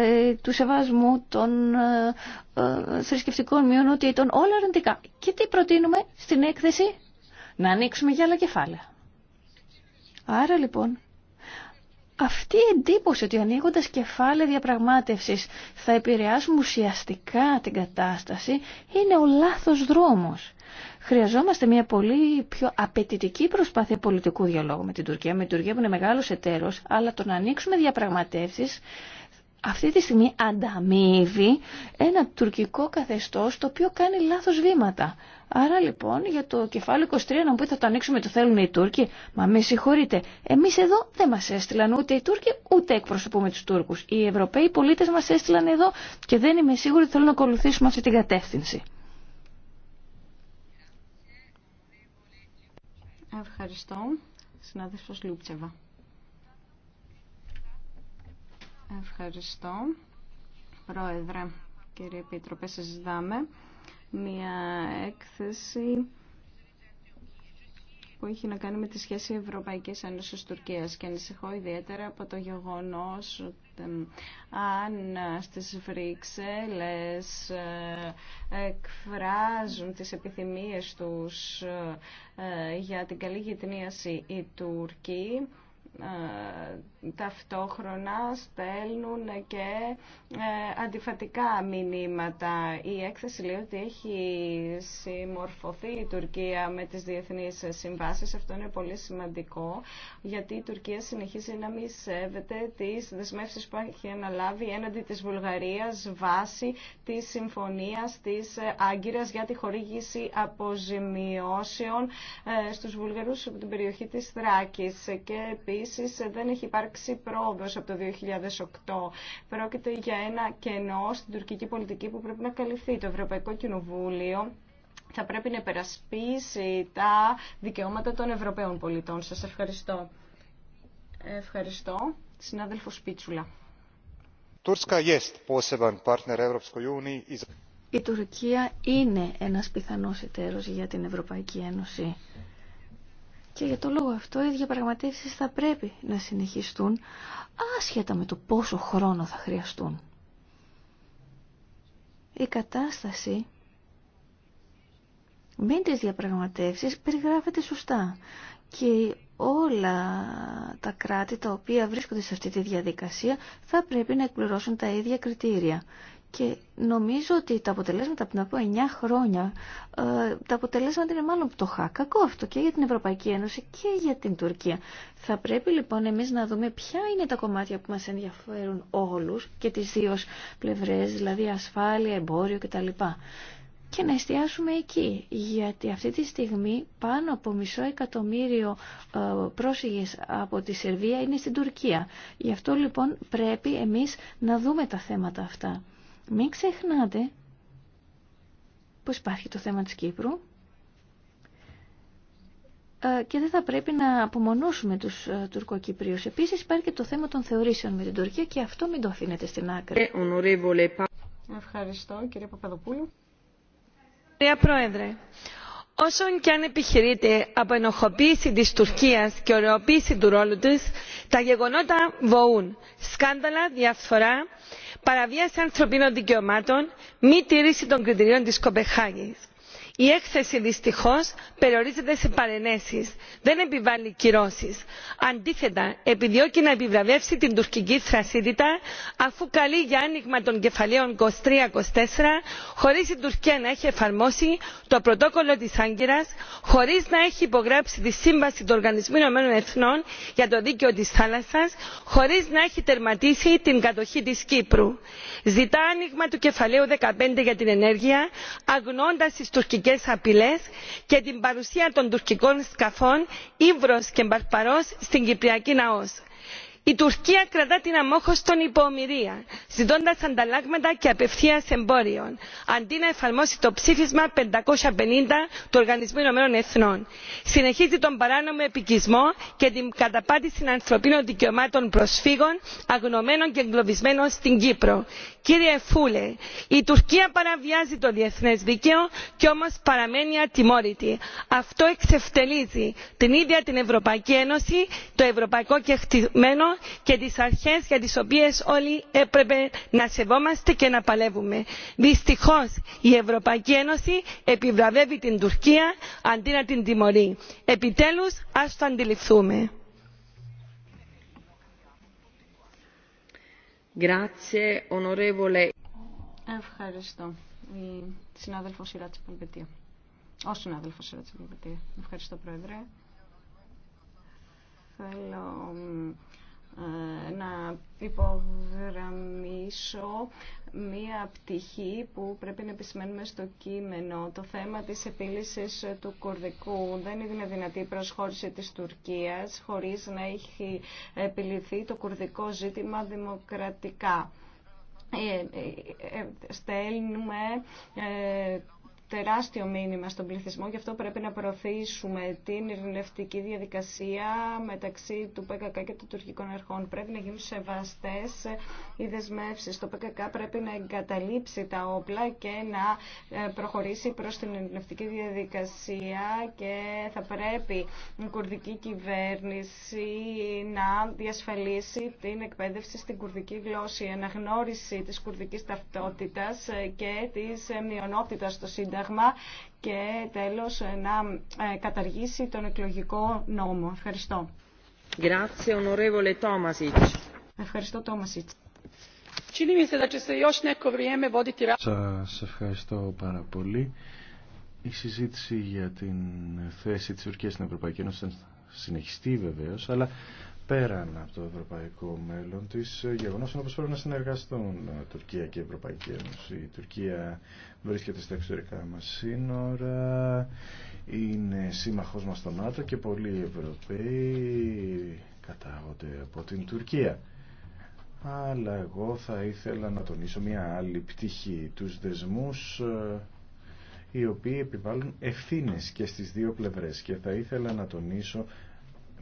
ε, του σεβασμού των ε, θρησκευτικών μειονότητων, όλα αρνητικά. Και τι προτείνουμε στην έκθεση. Να ανοίξουμε για άλλα κεφάλαια. Άρα λοιπόν αυτή η εντύπωση ότι ανοίγοντα κεφάλαια διαπραγματεύση θα επηρεάσουμε ουσιαστικά την κατάσταση είναι ο λάθος δρόμος. Χρειαζόμαστε μια πολύ πιο απαιτητική προσπάθεια πολιτικού διαλόγου με την Τουρκία, με την Τουρκία που είναι μεγάλος εταίρος, αλλά το να ανοίξουμε διαπραγματεύσεις αυτή τη στιγμή ανταμείβει ένα τουρκικό καθεστώς το οποίο κάνει λάθος βήματα. Άρα λοιπόν για το κεφάλαιο 23 να μου πει θα το ανοίξουμε, το θέλουν οι Τούρκοι. Μα με συγχωρείτε, εμεί εδώ δεν μα έστειλαν ούτε οι Τούρκοι ούτε εκπροσωπούμε του Τούρκου. Οι Ευρωπαίοι πολίτε μα έστειλαν εδώ και δεν είμαι σίγουρη ότι θέλουν να ακολουθήσουμε αυτή την κατεύθυνση. Ευχαριστώ. Συνάδελφο Λούτσεβα. Ευχαριστώ. Πρόεδρε, κύριε Επίτροπε, συζητάμε μια έκθεση που έχει να κάνει με τη σχέση Ευρωπαϊκής Ένωσης Τουρκίας και ανησυχώ ιδιαίτερα από το γεγονός ότι αν στις Βρυξέλλες ε, εκφράζουν τις επιθυμίες τους ε, για την καλή γειτνίαση οι Τούρκοι ε, ταυτόχρονα στέλνουν και ε, αντιφατικά μηνύματα. Η έκθεση λέει ότι έχει συμμορφωθεί η Τουρκία με τις διεθνείς συμβάσεις. Αυτό είναι πολύ σημαντικό γιατί η Τουρκία συνεχίζει να μη σέβεται τις δεσμεύσεις που έχει αναλάβει έναντι της Βουλγαρίας βάσει της συμφωνίας της Άγκυρας για τη χορήγηση αποζημιώσεων ε, στους Βουλγαρούς από την περιοχή της Θράκης και επίσης επίσης δεν έχει υπάρξει πρόοδος από το 2008. Πρόκειται για ένα κενό στην τουρκική πολιτική που πρέπει να καλυφθεί. Το Ευρωπαϊκό Κοινοβούλιο θα πρέπει να υπερασπίσει τα δικαιώματα των Ευρωπαίων πολιτών. Σας ευχαριστώ. Ευχαριστώ. Συνάδελφο Σπίτσουλα. Η Τουρκία είναι ένας πιθανός εταίρος για την Ευρωπαϊκή Ένωση. Και για το λόγο αυτό οι διαπραγματεύσεις θα πρέπει να συνεχιστούν άσχετα με το πόσο χρόνο θα χρειαστούν. Η κατάσταση με τις διαπραγματεύσεις περιγράφεται σωστά και όλα τα κράτη τα οποία βρίσκονται σε αυτή τη διαδικασία θα πρέπει να εκπληρώσουν τα ίδια κριτήρια. Και νομίζω ότι τα αποτελέσματα από την από 9 χρόνια, ε, τα αποτελέσματα είναι μάλλον πτωχά. Κακό αυτό και για την Ευρωπαϊκή Ένωση και για την Τουρκία. Θα πρέπει λοιπόν εμείς να δούμε ποια είναι τα κομμάτια που μας ενδιαφέρουν όλους και τις δύο πλευρές, δηλαδή ασφάλεια, εμπόριο κτλ. Και να εστιάσουμε εκεί, γιατί αυτή τη στιγμή πάνω από μισό εκατομμύριο ε, πρόσφυγες από τη Σερβία είναι στην Τουρκία. Γι' αυτό λοιπόν πρέπει εμείς να δούμε τα θέματα αυτά. Μην ξεχνάτε πως υπάρχει το θέμα της Κύπρου ε, και δεν θα πρέπει να απομονώσουμε τους ε, Τουρκοκυπρίους. Επίσης υπάρχει και το θέμα των θεωρήσεων με την Τουρκία και αυτό μην το αφήνετε στην άκρη. Ε, Ευχαριστώ κύριε Παπαδοπούλου. Κυρία Πρόεδρε, όσον και αν επιχειρείται από ενοχοποίηση της Τουρκίας και ωρεοποίηση του ρόλου της, τα γεγονότα βοούν σκάνδαλα, διαφθορά, παραβίαση ανθρωπίνων δικαιωμάτων μη τήρηση των κριτηρίων της κοπεγχάγης η έκθεση δυστυχώς περιορίζεται σε παρενέσεις δεν επιβάλλει κυρώσεις. αντίθετα επιδιώκει να επιβραβεύσει την τουρκική θρασίτητα αφού καλεί για άνοιγμα των κεφαλαίων 23-24 χωρίς η τουρκία να έχει εφαρμόσει το πρωτόκολλο της άγκυρας χωρίς να έχει υπογράψει τη σύμβαση του ΟΕΕ εθνών για το δίκαιο της θάλασσας χωρίς να έχει τερματίσει την κατοχή της κύπρου. ζητά άνοιγμα του κεφαλαίου 15 για την ενέργεια αγνοώντας τις τουρκικές τουρκικέ απειλέ και την παρουσία των τουρκικών σκαφών ύβρο και μπαρπαρός στην κυπριακή ναός η τουρκία κρατά την αμόχωστον υπομοιρία ζητώντα ανταλλάγματα και απευθεία εμπόριων αντί να εφαρμόσει το ψήφισμα 550 του οργανισμού ηνωμένων εθνών. συνεχίζει τον παράνομο επικισμό και την καταπάτηση ανθρωπίνων δικαιωμάτων προσφύγων αγνωμένων και εγκλωβισμένων στην κύπρο. κύριε φούλε η τουρκία παραβιάζει το διεθνέ δίκαιο και όμω παραμένει ατιμόρυτη. αυτό εξευτελίζει την ίδια την ευρωπαϊκή ένωση το ευρωπαϊκό κεκτημένο και τις αρχές για τις οποίες όλοι έπρεπε να σεβόμαστε και να παλεύουμε. δυστυχώς η ευρωπαϊκή ένωση επιβραβεύει την τουρκία αντί να την τιμωρεί. επιτέλους ας το αντιληφθούμε. Ευχαριστώ. Η συνάδελφο Σιράτση Πολυπετία. Ο Ευχαριστώ, Πρόεδρε. Θέλω ε, να υπογραμμίσω μία πτυχή που πρέπει να επισημαίνουμε στο κείμενο. Το θέμα της επίλυσης του Κουρδικού δεν είναι δυνατή η προσχώρηση της Τουρκίας χωρίς να έχει επιληθεί το κουρδικό ζήτημα δημοκρατικά ε, ε, στέλνουμε τεράστιο μήνυμα στον πληθυσμό, γι' αυτό πρέπει να προωθήσουμε την ειρηνευτική διαδικασία μεταξύ του ΠΚΚ και των τουρκικών αρχών. Πρέπει να γίνουν σεβαστές οι δεσμεύσει. Το ΠΚΚ πρέπει να εγκαταλείψει τα όπλα και να ε, προχωρήσει προς την ειρηνευτική διαδικασία και θα πρέπει η κουρδική κυβέρνηση να διασφαλίσει την εκπαίδευση στην κουρδική γλώσσα, η αναγνώριση της κουρδικής ταυτότητας ε, και τη ε, μειονότητας στο σύνταγμα Σύνταγμα και τέλος να ε, καταργήσει τον εκλογικό νόμο. Ευχαριστώ. Ευχαριστώ, Τόμασιτς. Σας ευχαριστώ πάρα πολύ. Η συζήτηση για την θέση της Τουρκίας στην Ευρωπαϊκή Ένωση θα συνεχιστεί βεβαίως, αλλά πέραν από το ευρωπαϊκό μέλλον τη ε, γεγονός είναι πω πρέπει να συνεργαστούν ε, Τουρκία και η Ευρωπαϊκή Ένωση. Η Τουρκία βρίσκεται στα εξωτερικά μας σύνορα, είναι σύμμαχος μας στο ΝΑΤΟ και πολλοί Ευρωπαίοι κατάγονται από την Τουρκία. Αλλά εγώ θα ήθελα να τονίσω μια άλλη πτυχή, τους δεσμούς ε, οι οποίοι επιβάλλουν ευθύνες και στις δύο πλευρές και θα ήθελα να τονίσω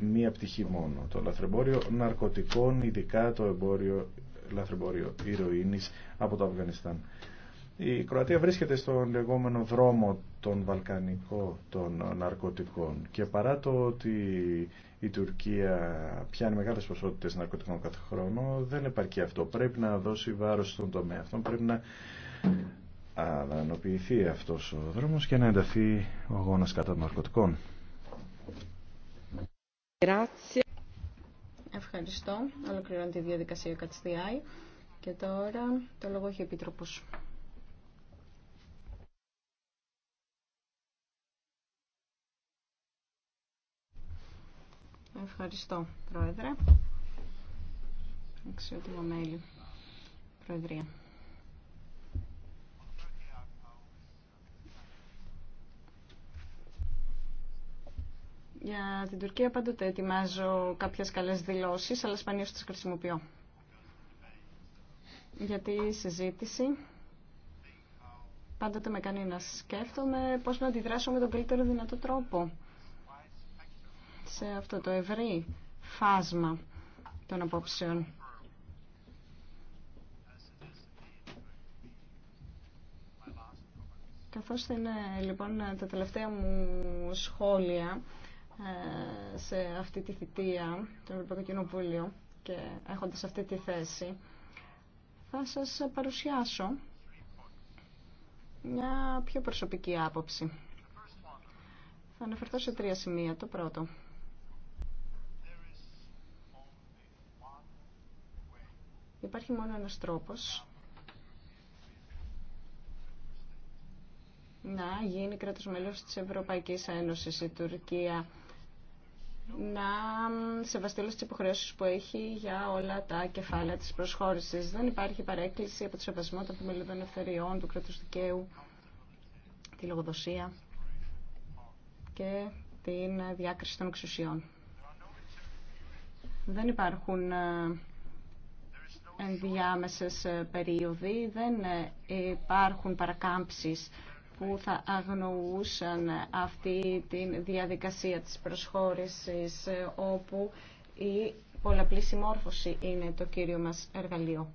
μία πτυχή μόνο. Το λαθρεμπόριο ναρκωτικών, ειδικά το εμπόριο λαθρεμπόριο ηρωίνης από το Αφγανιστάν. Η Κροατία βρίσκεται στον λεγόμενο δρόμο των βαλκανικών των ναρκωτικών και παρά το ότι η Τουρκία πιάνει μεγάλες ποσότητες ναρκωτικών κάθε χρόνο δεν επαρκεί αυτό. Πρέπει να δώσει βάρος στον τομέα αυτό, πρέπει να αδανοποιηθεί αυτός ο δρόμος και να ενταθεί ο αγώνας κατά των ναρκωτικών. Ευχαριστώ. Ολοκληρώνει τη διαδικασία Κατστιάη. Και τώρα το λόγο έχει επίτροπος. Ευχαριστώ, Πρόεδρε. Αξιότιμο μέλη. Προεδρία. Για την Τουρκία πάντοτε ετοιμάζω κάποιες καλές δηλώσεις, αλλά σπανίως τις χρησιμοποιώ. Γιατί η συζήτηση πάντοτε με κάνει να σκέφτομαι πώς να αντιδράσω με τον καλύτερο δυνατό τρόπο σε αυτό το ευρύ φάσμα των απόψεων. Καθώς είναι λοιπόν τα τελευταία μου σχόλια ε, σε αυτή τη θητεία του Ευρωπαϊκού Κοινοβούλιο και έχοντας αυτή τη θέση θα σας παρουσιάσω μια πιο προσωπική άποψη. Θα αναφερθώ σε τρία σημεία. Το πρώτο. Υπάρχει μόνο ένας τρόπος να γίνει κράτος μέλος της Ευρωπαϊκής Ένωσης η Τουρκία να σεβαστεί όλες τις υποχρεώσεις που έχει για όλα τα κεφάλαια της προσχώρησης. Δεν υπάρχει παρέκκληση από το σεβασμό των θεμελιωδών ευθεριών, του κράτους δικαίου, τη λογοδοσία και την διάκριση των εξουσιών. Δεν υπάρχουν ε, ενδιάμεσες ε, περίοδοι, δεν ε, υπάρχουν παρακάμψεις που θα αγνοούσαν αυτή τη διαδικασία της προσχώρησης ε, όπου η πολλαπλή συμμόρφωση είναι το κύριο μας εργαλείο.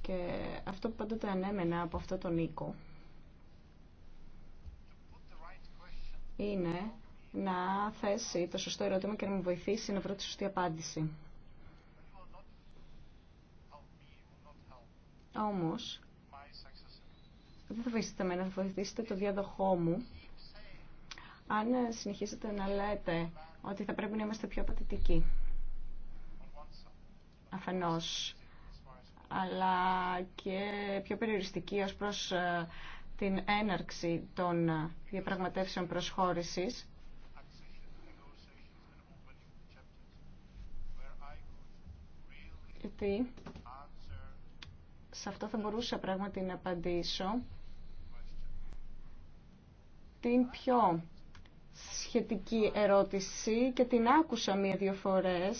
Και αυτό που πάντοτε ανέμενα από αυτό τον Νίκο είναι να θέσει το σωστό ερώτημα και να μου βοηθήσει να βρω τη σωστή απάντηση. Όμως, δεν θα βοηθήσετε εμένα, θα βοηθήσετε το διαδοχό μου. Αν συνεχίσετε να λέτε ότι θα πρέπει να είμαστε πιο πατητικοί, Αφενός. Αλλά και πιο περιοριστικοί ως προς ε, την έναρξη των ε, διαπραγματεύσεων προσχώρησης. Γιατί σε αυτό θα μπορούσα πράγματι να απαντήσω την πιο σχετική ερώτηση και την άκουσα μία-δύο φορές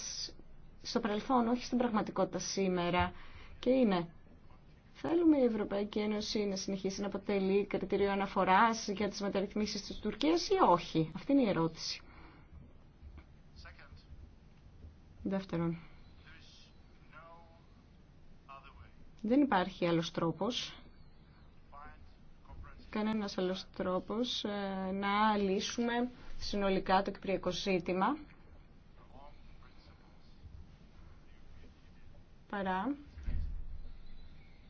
στο παρελθόν, όχι στην πραγματικότητα σήμερα. Και είναι, θέλουμε η Ευρωπαϊκή Ένωση να συνεχίσει να αποτελεί κριτήριο αναφοράς για τις μεταρρυθμίσεις της Τουρκίας ή όχι. Αυτή είναι η ερώτηση. Δεύτερον, δεν υπάρχει άλλος τρόπος κανένας άλλος τρόπος ε, να λύσουμε συνολικά το κυπριακό ζήτημα παρά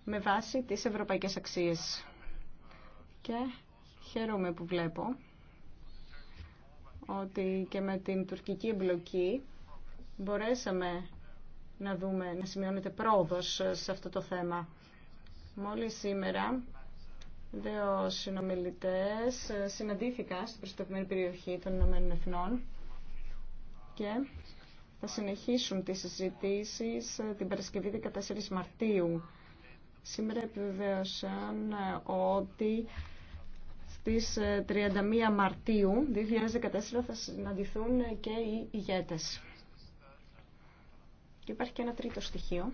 με βάση τις ευρωπαϊκές αξίες. Και χαίρομαι που βλέπω ότι και με την τουρκική εμπλοκή μπορέσαμε να δούμε, να σημειώνεται πρόοδος ε, σε αυτό το θέμα. Μόλις σήμερα Δύο συνομιλητές ε, συναντήθηκα στην προστατευμένη περιοχή των Ηνωμένων Εθνών και θα συνεχίσουν τις συζητήσεις ε, την Παρασκευή 14 Μαρτίου. Σήμερα επιβεβαίωσαν ε, ότι στις 31 Μαρτίου 2014 θα συναντηθούν και οι ηγέτες. Και υπάρχει και ένα τρίτο στοιχείο.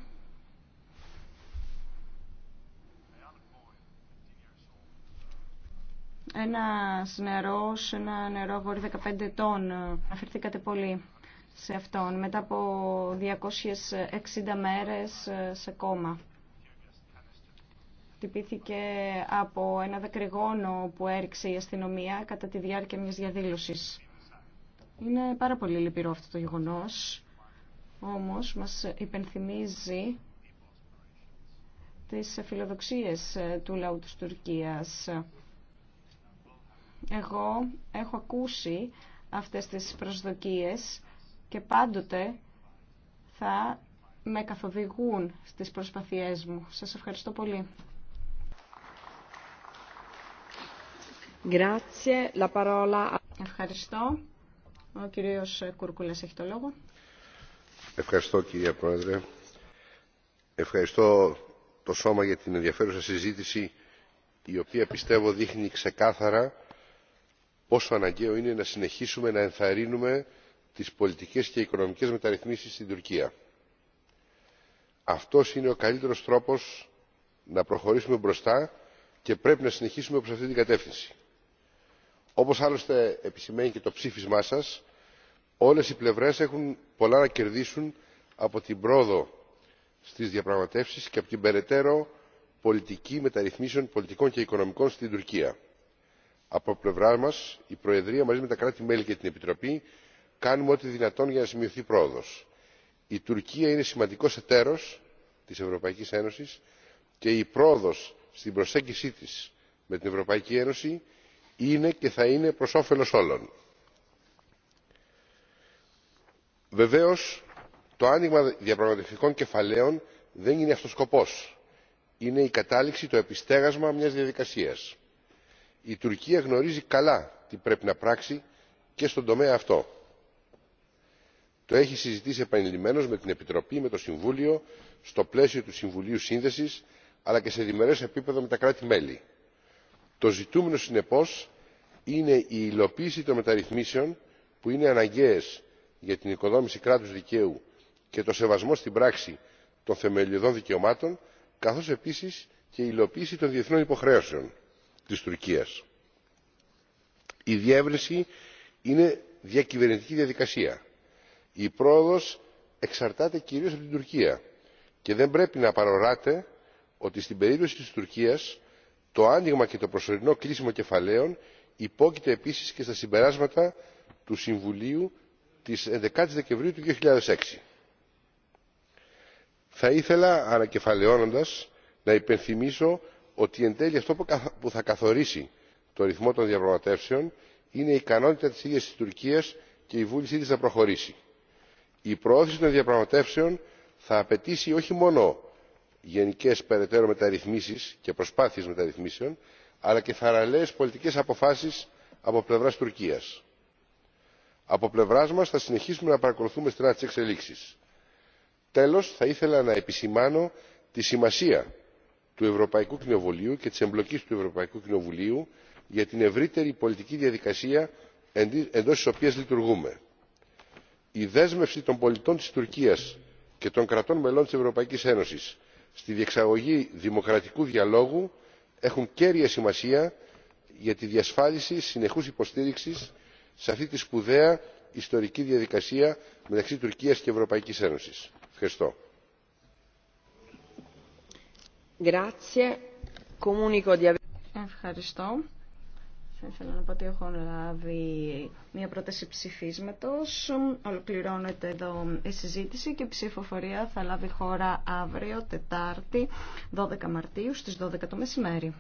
Ένα νερό, ένα νερό αγόρι 15 ετών. Αναφερθήκατε πολύ σε αυτόν μετά από 260 μέρες ε, σε κόμμα. Τυπήθηκε από ένα δακρυγόνο που έριξε η αστυνομία κατά τη διάρκεια μιας διαδήλωσης. Είναι πάρα πολύ λυπηρό αυτό το γεγονό. όμως μας υπενθυμίζει τις φιλοδοξίες ε, του λαού της Τουρκίας εγώ έχω ακούσει αυτές τις προσδοκίες και πάντοτε θα με καθοδηγούν στις προσπαθίες μου. Σας ευχαριστώ πολύ. Ευχαριστώ. Ο κύριος Κουρκούλας έχει το λόγο. Ευχαριστώ κυρία Πρόεδρε. Ευχαριστώ το Σώμα για την ενδιαφέρουσα συζήτηση η οποία πιστεύω δείχνει ξεκάθαρα πόσο αναγκαίο είναι να συνεχίσουμε να ενθαρρύνουμε τις πολιτικές και οικονομικές μεταρρυθμίσεις στην τουρκία. Αυτό είναι ο καλύτερος τρόπος να προχωρήσουμε μπροστά και πρέπει να συνεχίσουμε προς αυτή την κατεύθυνση. όπως άλλωστε επισημαίνει και το ψήφισμά σας όλες οι πλευρές έχουν πολλά να κερδίσουν από την πρόοδο στις διαπραγματεύσεις και από την περαιτέρω πολιτική μεταρρυθμίσεων πολιτικών και οικονομικών στην τουρκία από πλευρά μα η προεδρία μαζί με τα κράτη μέλη και την επιτροπή κάνουμε ό,τι δυνατόν για να σημειωθεί πρόοδο. η τουρκία είναι σημαντικό εταίρο τη ευρωπαϊκή ένωση και η πρόοδο στην προσέγγιση τη με την ευρωπαϊκή ένωση είναι και θα είναι προ όφελο όλων. βεβαίω το άνοιγμα διαπραγματευτικών κεφαλαίων δεν είναι αυτό ο σκοπό. είναι η κατάληξη το επιστέγασμα μια διαδικασία η τουρκία γνωρίζει καλά τι πρέπει να πράξει και στον τομέα αυτό. το έχει συζητήσει επανειλημμένως με την επιτροπή με το συμβούλιο στο πλαίσιο του συμβουλίου σύνδεσης αλλά και σε διμερές επίπεδο με τα κράτη μέλη. το ζητούμενο συνεπώς είναι η υλοποίηση των μεταρρυθμίσεων που είναι αναγκαίες για την οικοδόμηση κράτους δικαίου και το σεβασμό στην πράξη των θεμελιωδών δικαιωμάτων καθώς επίσης και η υλοποίηση των διεθνών υποχρεώσεων της τουρκίας. η διεύρυνση είναι διακυβερνητική διαδικασία. η πρόοδος εξαρτάται κυρίως από την τουρκία και δεν πρέπει να παροράτε ότι στην περίπτωση της τουρκίας το άνοιγμα και το προσωρινό κλείσιμο κεφαλαίων υπόκειται επίσης και στα συμπεράσματα του συμβουλίου της 11 η Δεκεμβρίου του 2006. Θα ήθελα ανακεφαλαιώνοντας να υπενθυμίσω ότι εν τέλει αυτό που θα καθορίσει το ρυθμό των διαπραγματεύσεων είναι η ικανότητα της ίδιας της τουρκίας και η βούλησή της να προχωρήσει. η προώθηση των διαπραγματεύσεων θα απαιτήσει όχι μόνο γενικές περαιτέρω μεταρρυθμίσεις και προσπάθειες μεταρρυθμίσεων αλλά και θαραλέες πολιτικές αποφάσεις από πλευράς τουρκίας. από πλευράς μας θα συνεχίσουμε να παρακολουθούμε στενά τις εξελίξεις. τέλος θα ήθελα να επισημάνω τη σημασία του ευρωπαϊκού κοινοβουλίου και της εμπλοκής του ευρωπαϊκού κοινοβουλίου για την ευρύτερη πολιτική διαδικασία εντός της οποίας λειτουργούμε. η δέσμευση των πολιτών της τουρκίας και των κρατών μελών της ευρωπαϊκής ένωσης στη διεξαγωγή δημοκρατικού διαλόγου έχουν κέρια σημασία για τη διασφάλιση συνεχούς υποστήριξης σε αυτή τη σπουδαία ιστορική διαδικασία μεταξύ τουρκίας και ευρωπαϊκής ένωσης. ευχαριστώ. Ευχαριστώ. Θα ήθελα να πω ότι έχω λάβει μια πρόταση ψηφίσματος. Ολοκληρώνεται εδώ η συζήτηση και η ψηφοφορία θα λάβει χώρα αύριο, Τετάρτη, 12 Μαρτίου, στις 12 το μεσημέρι.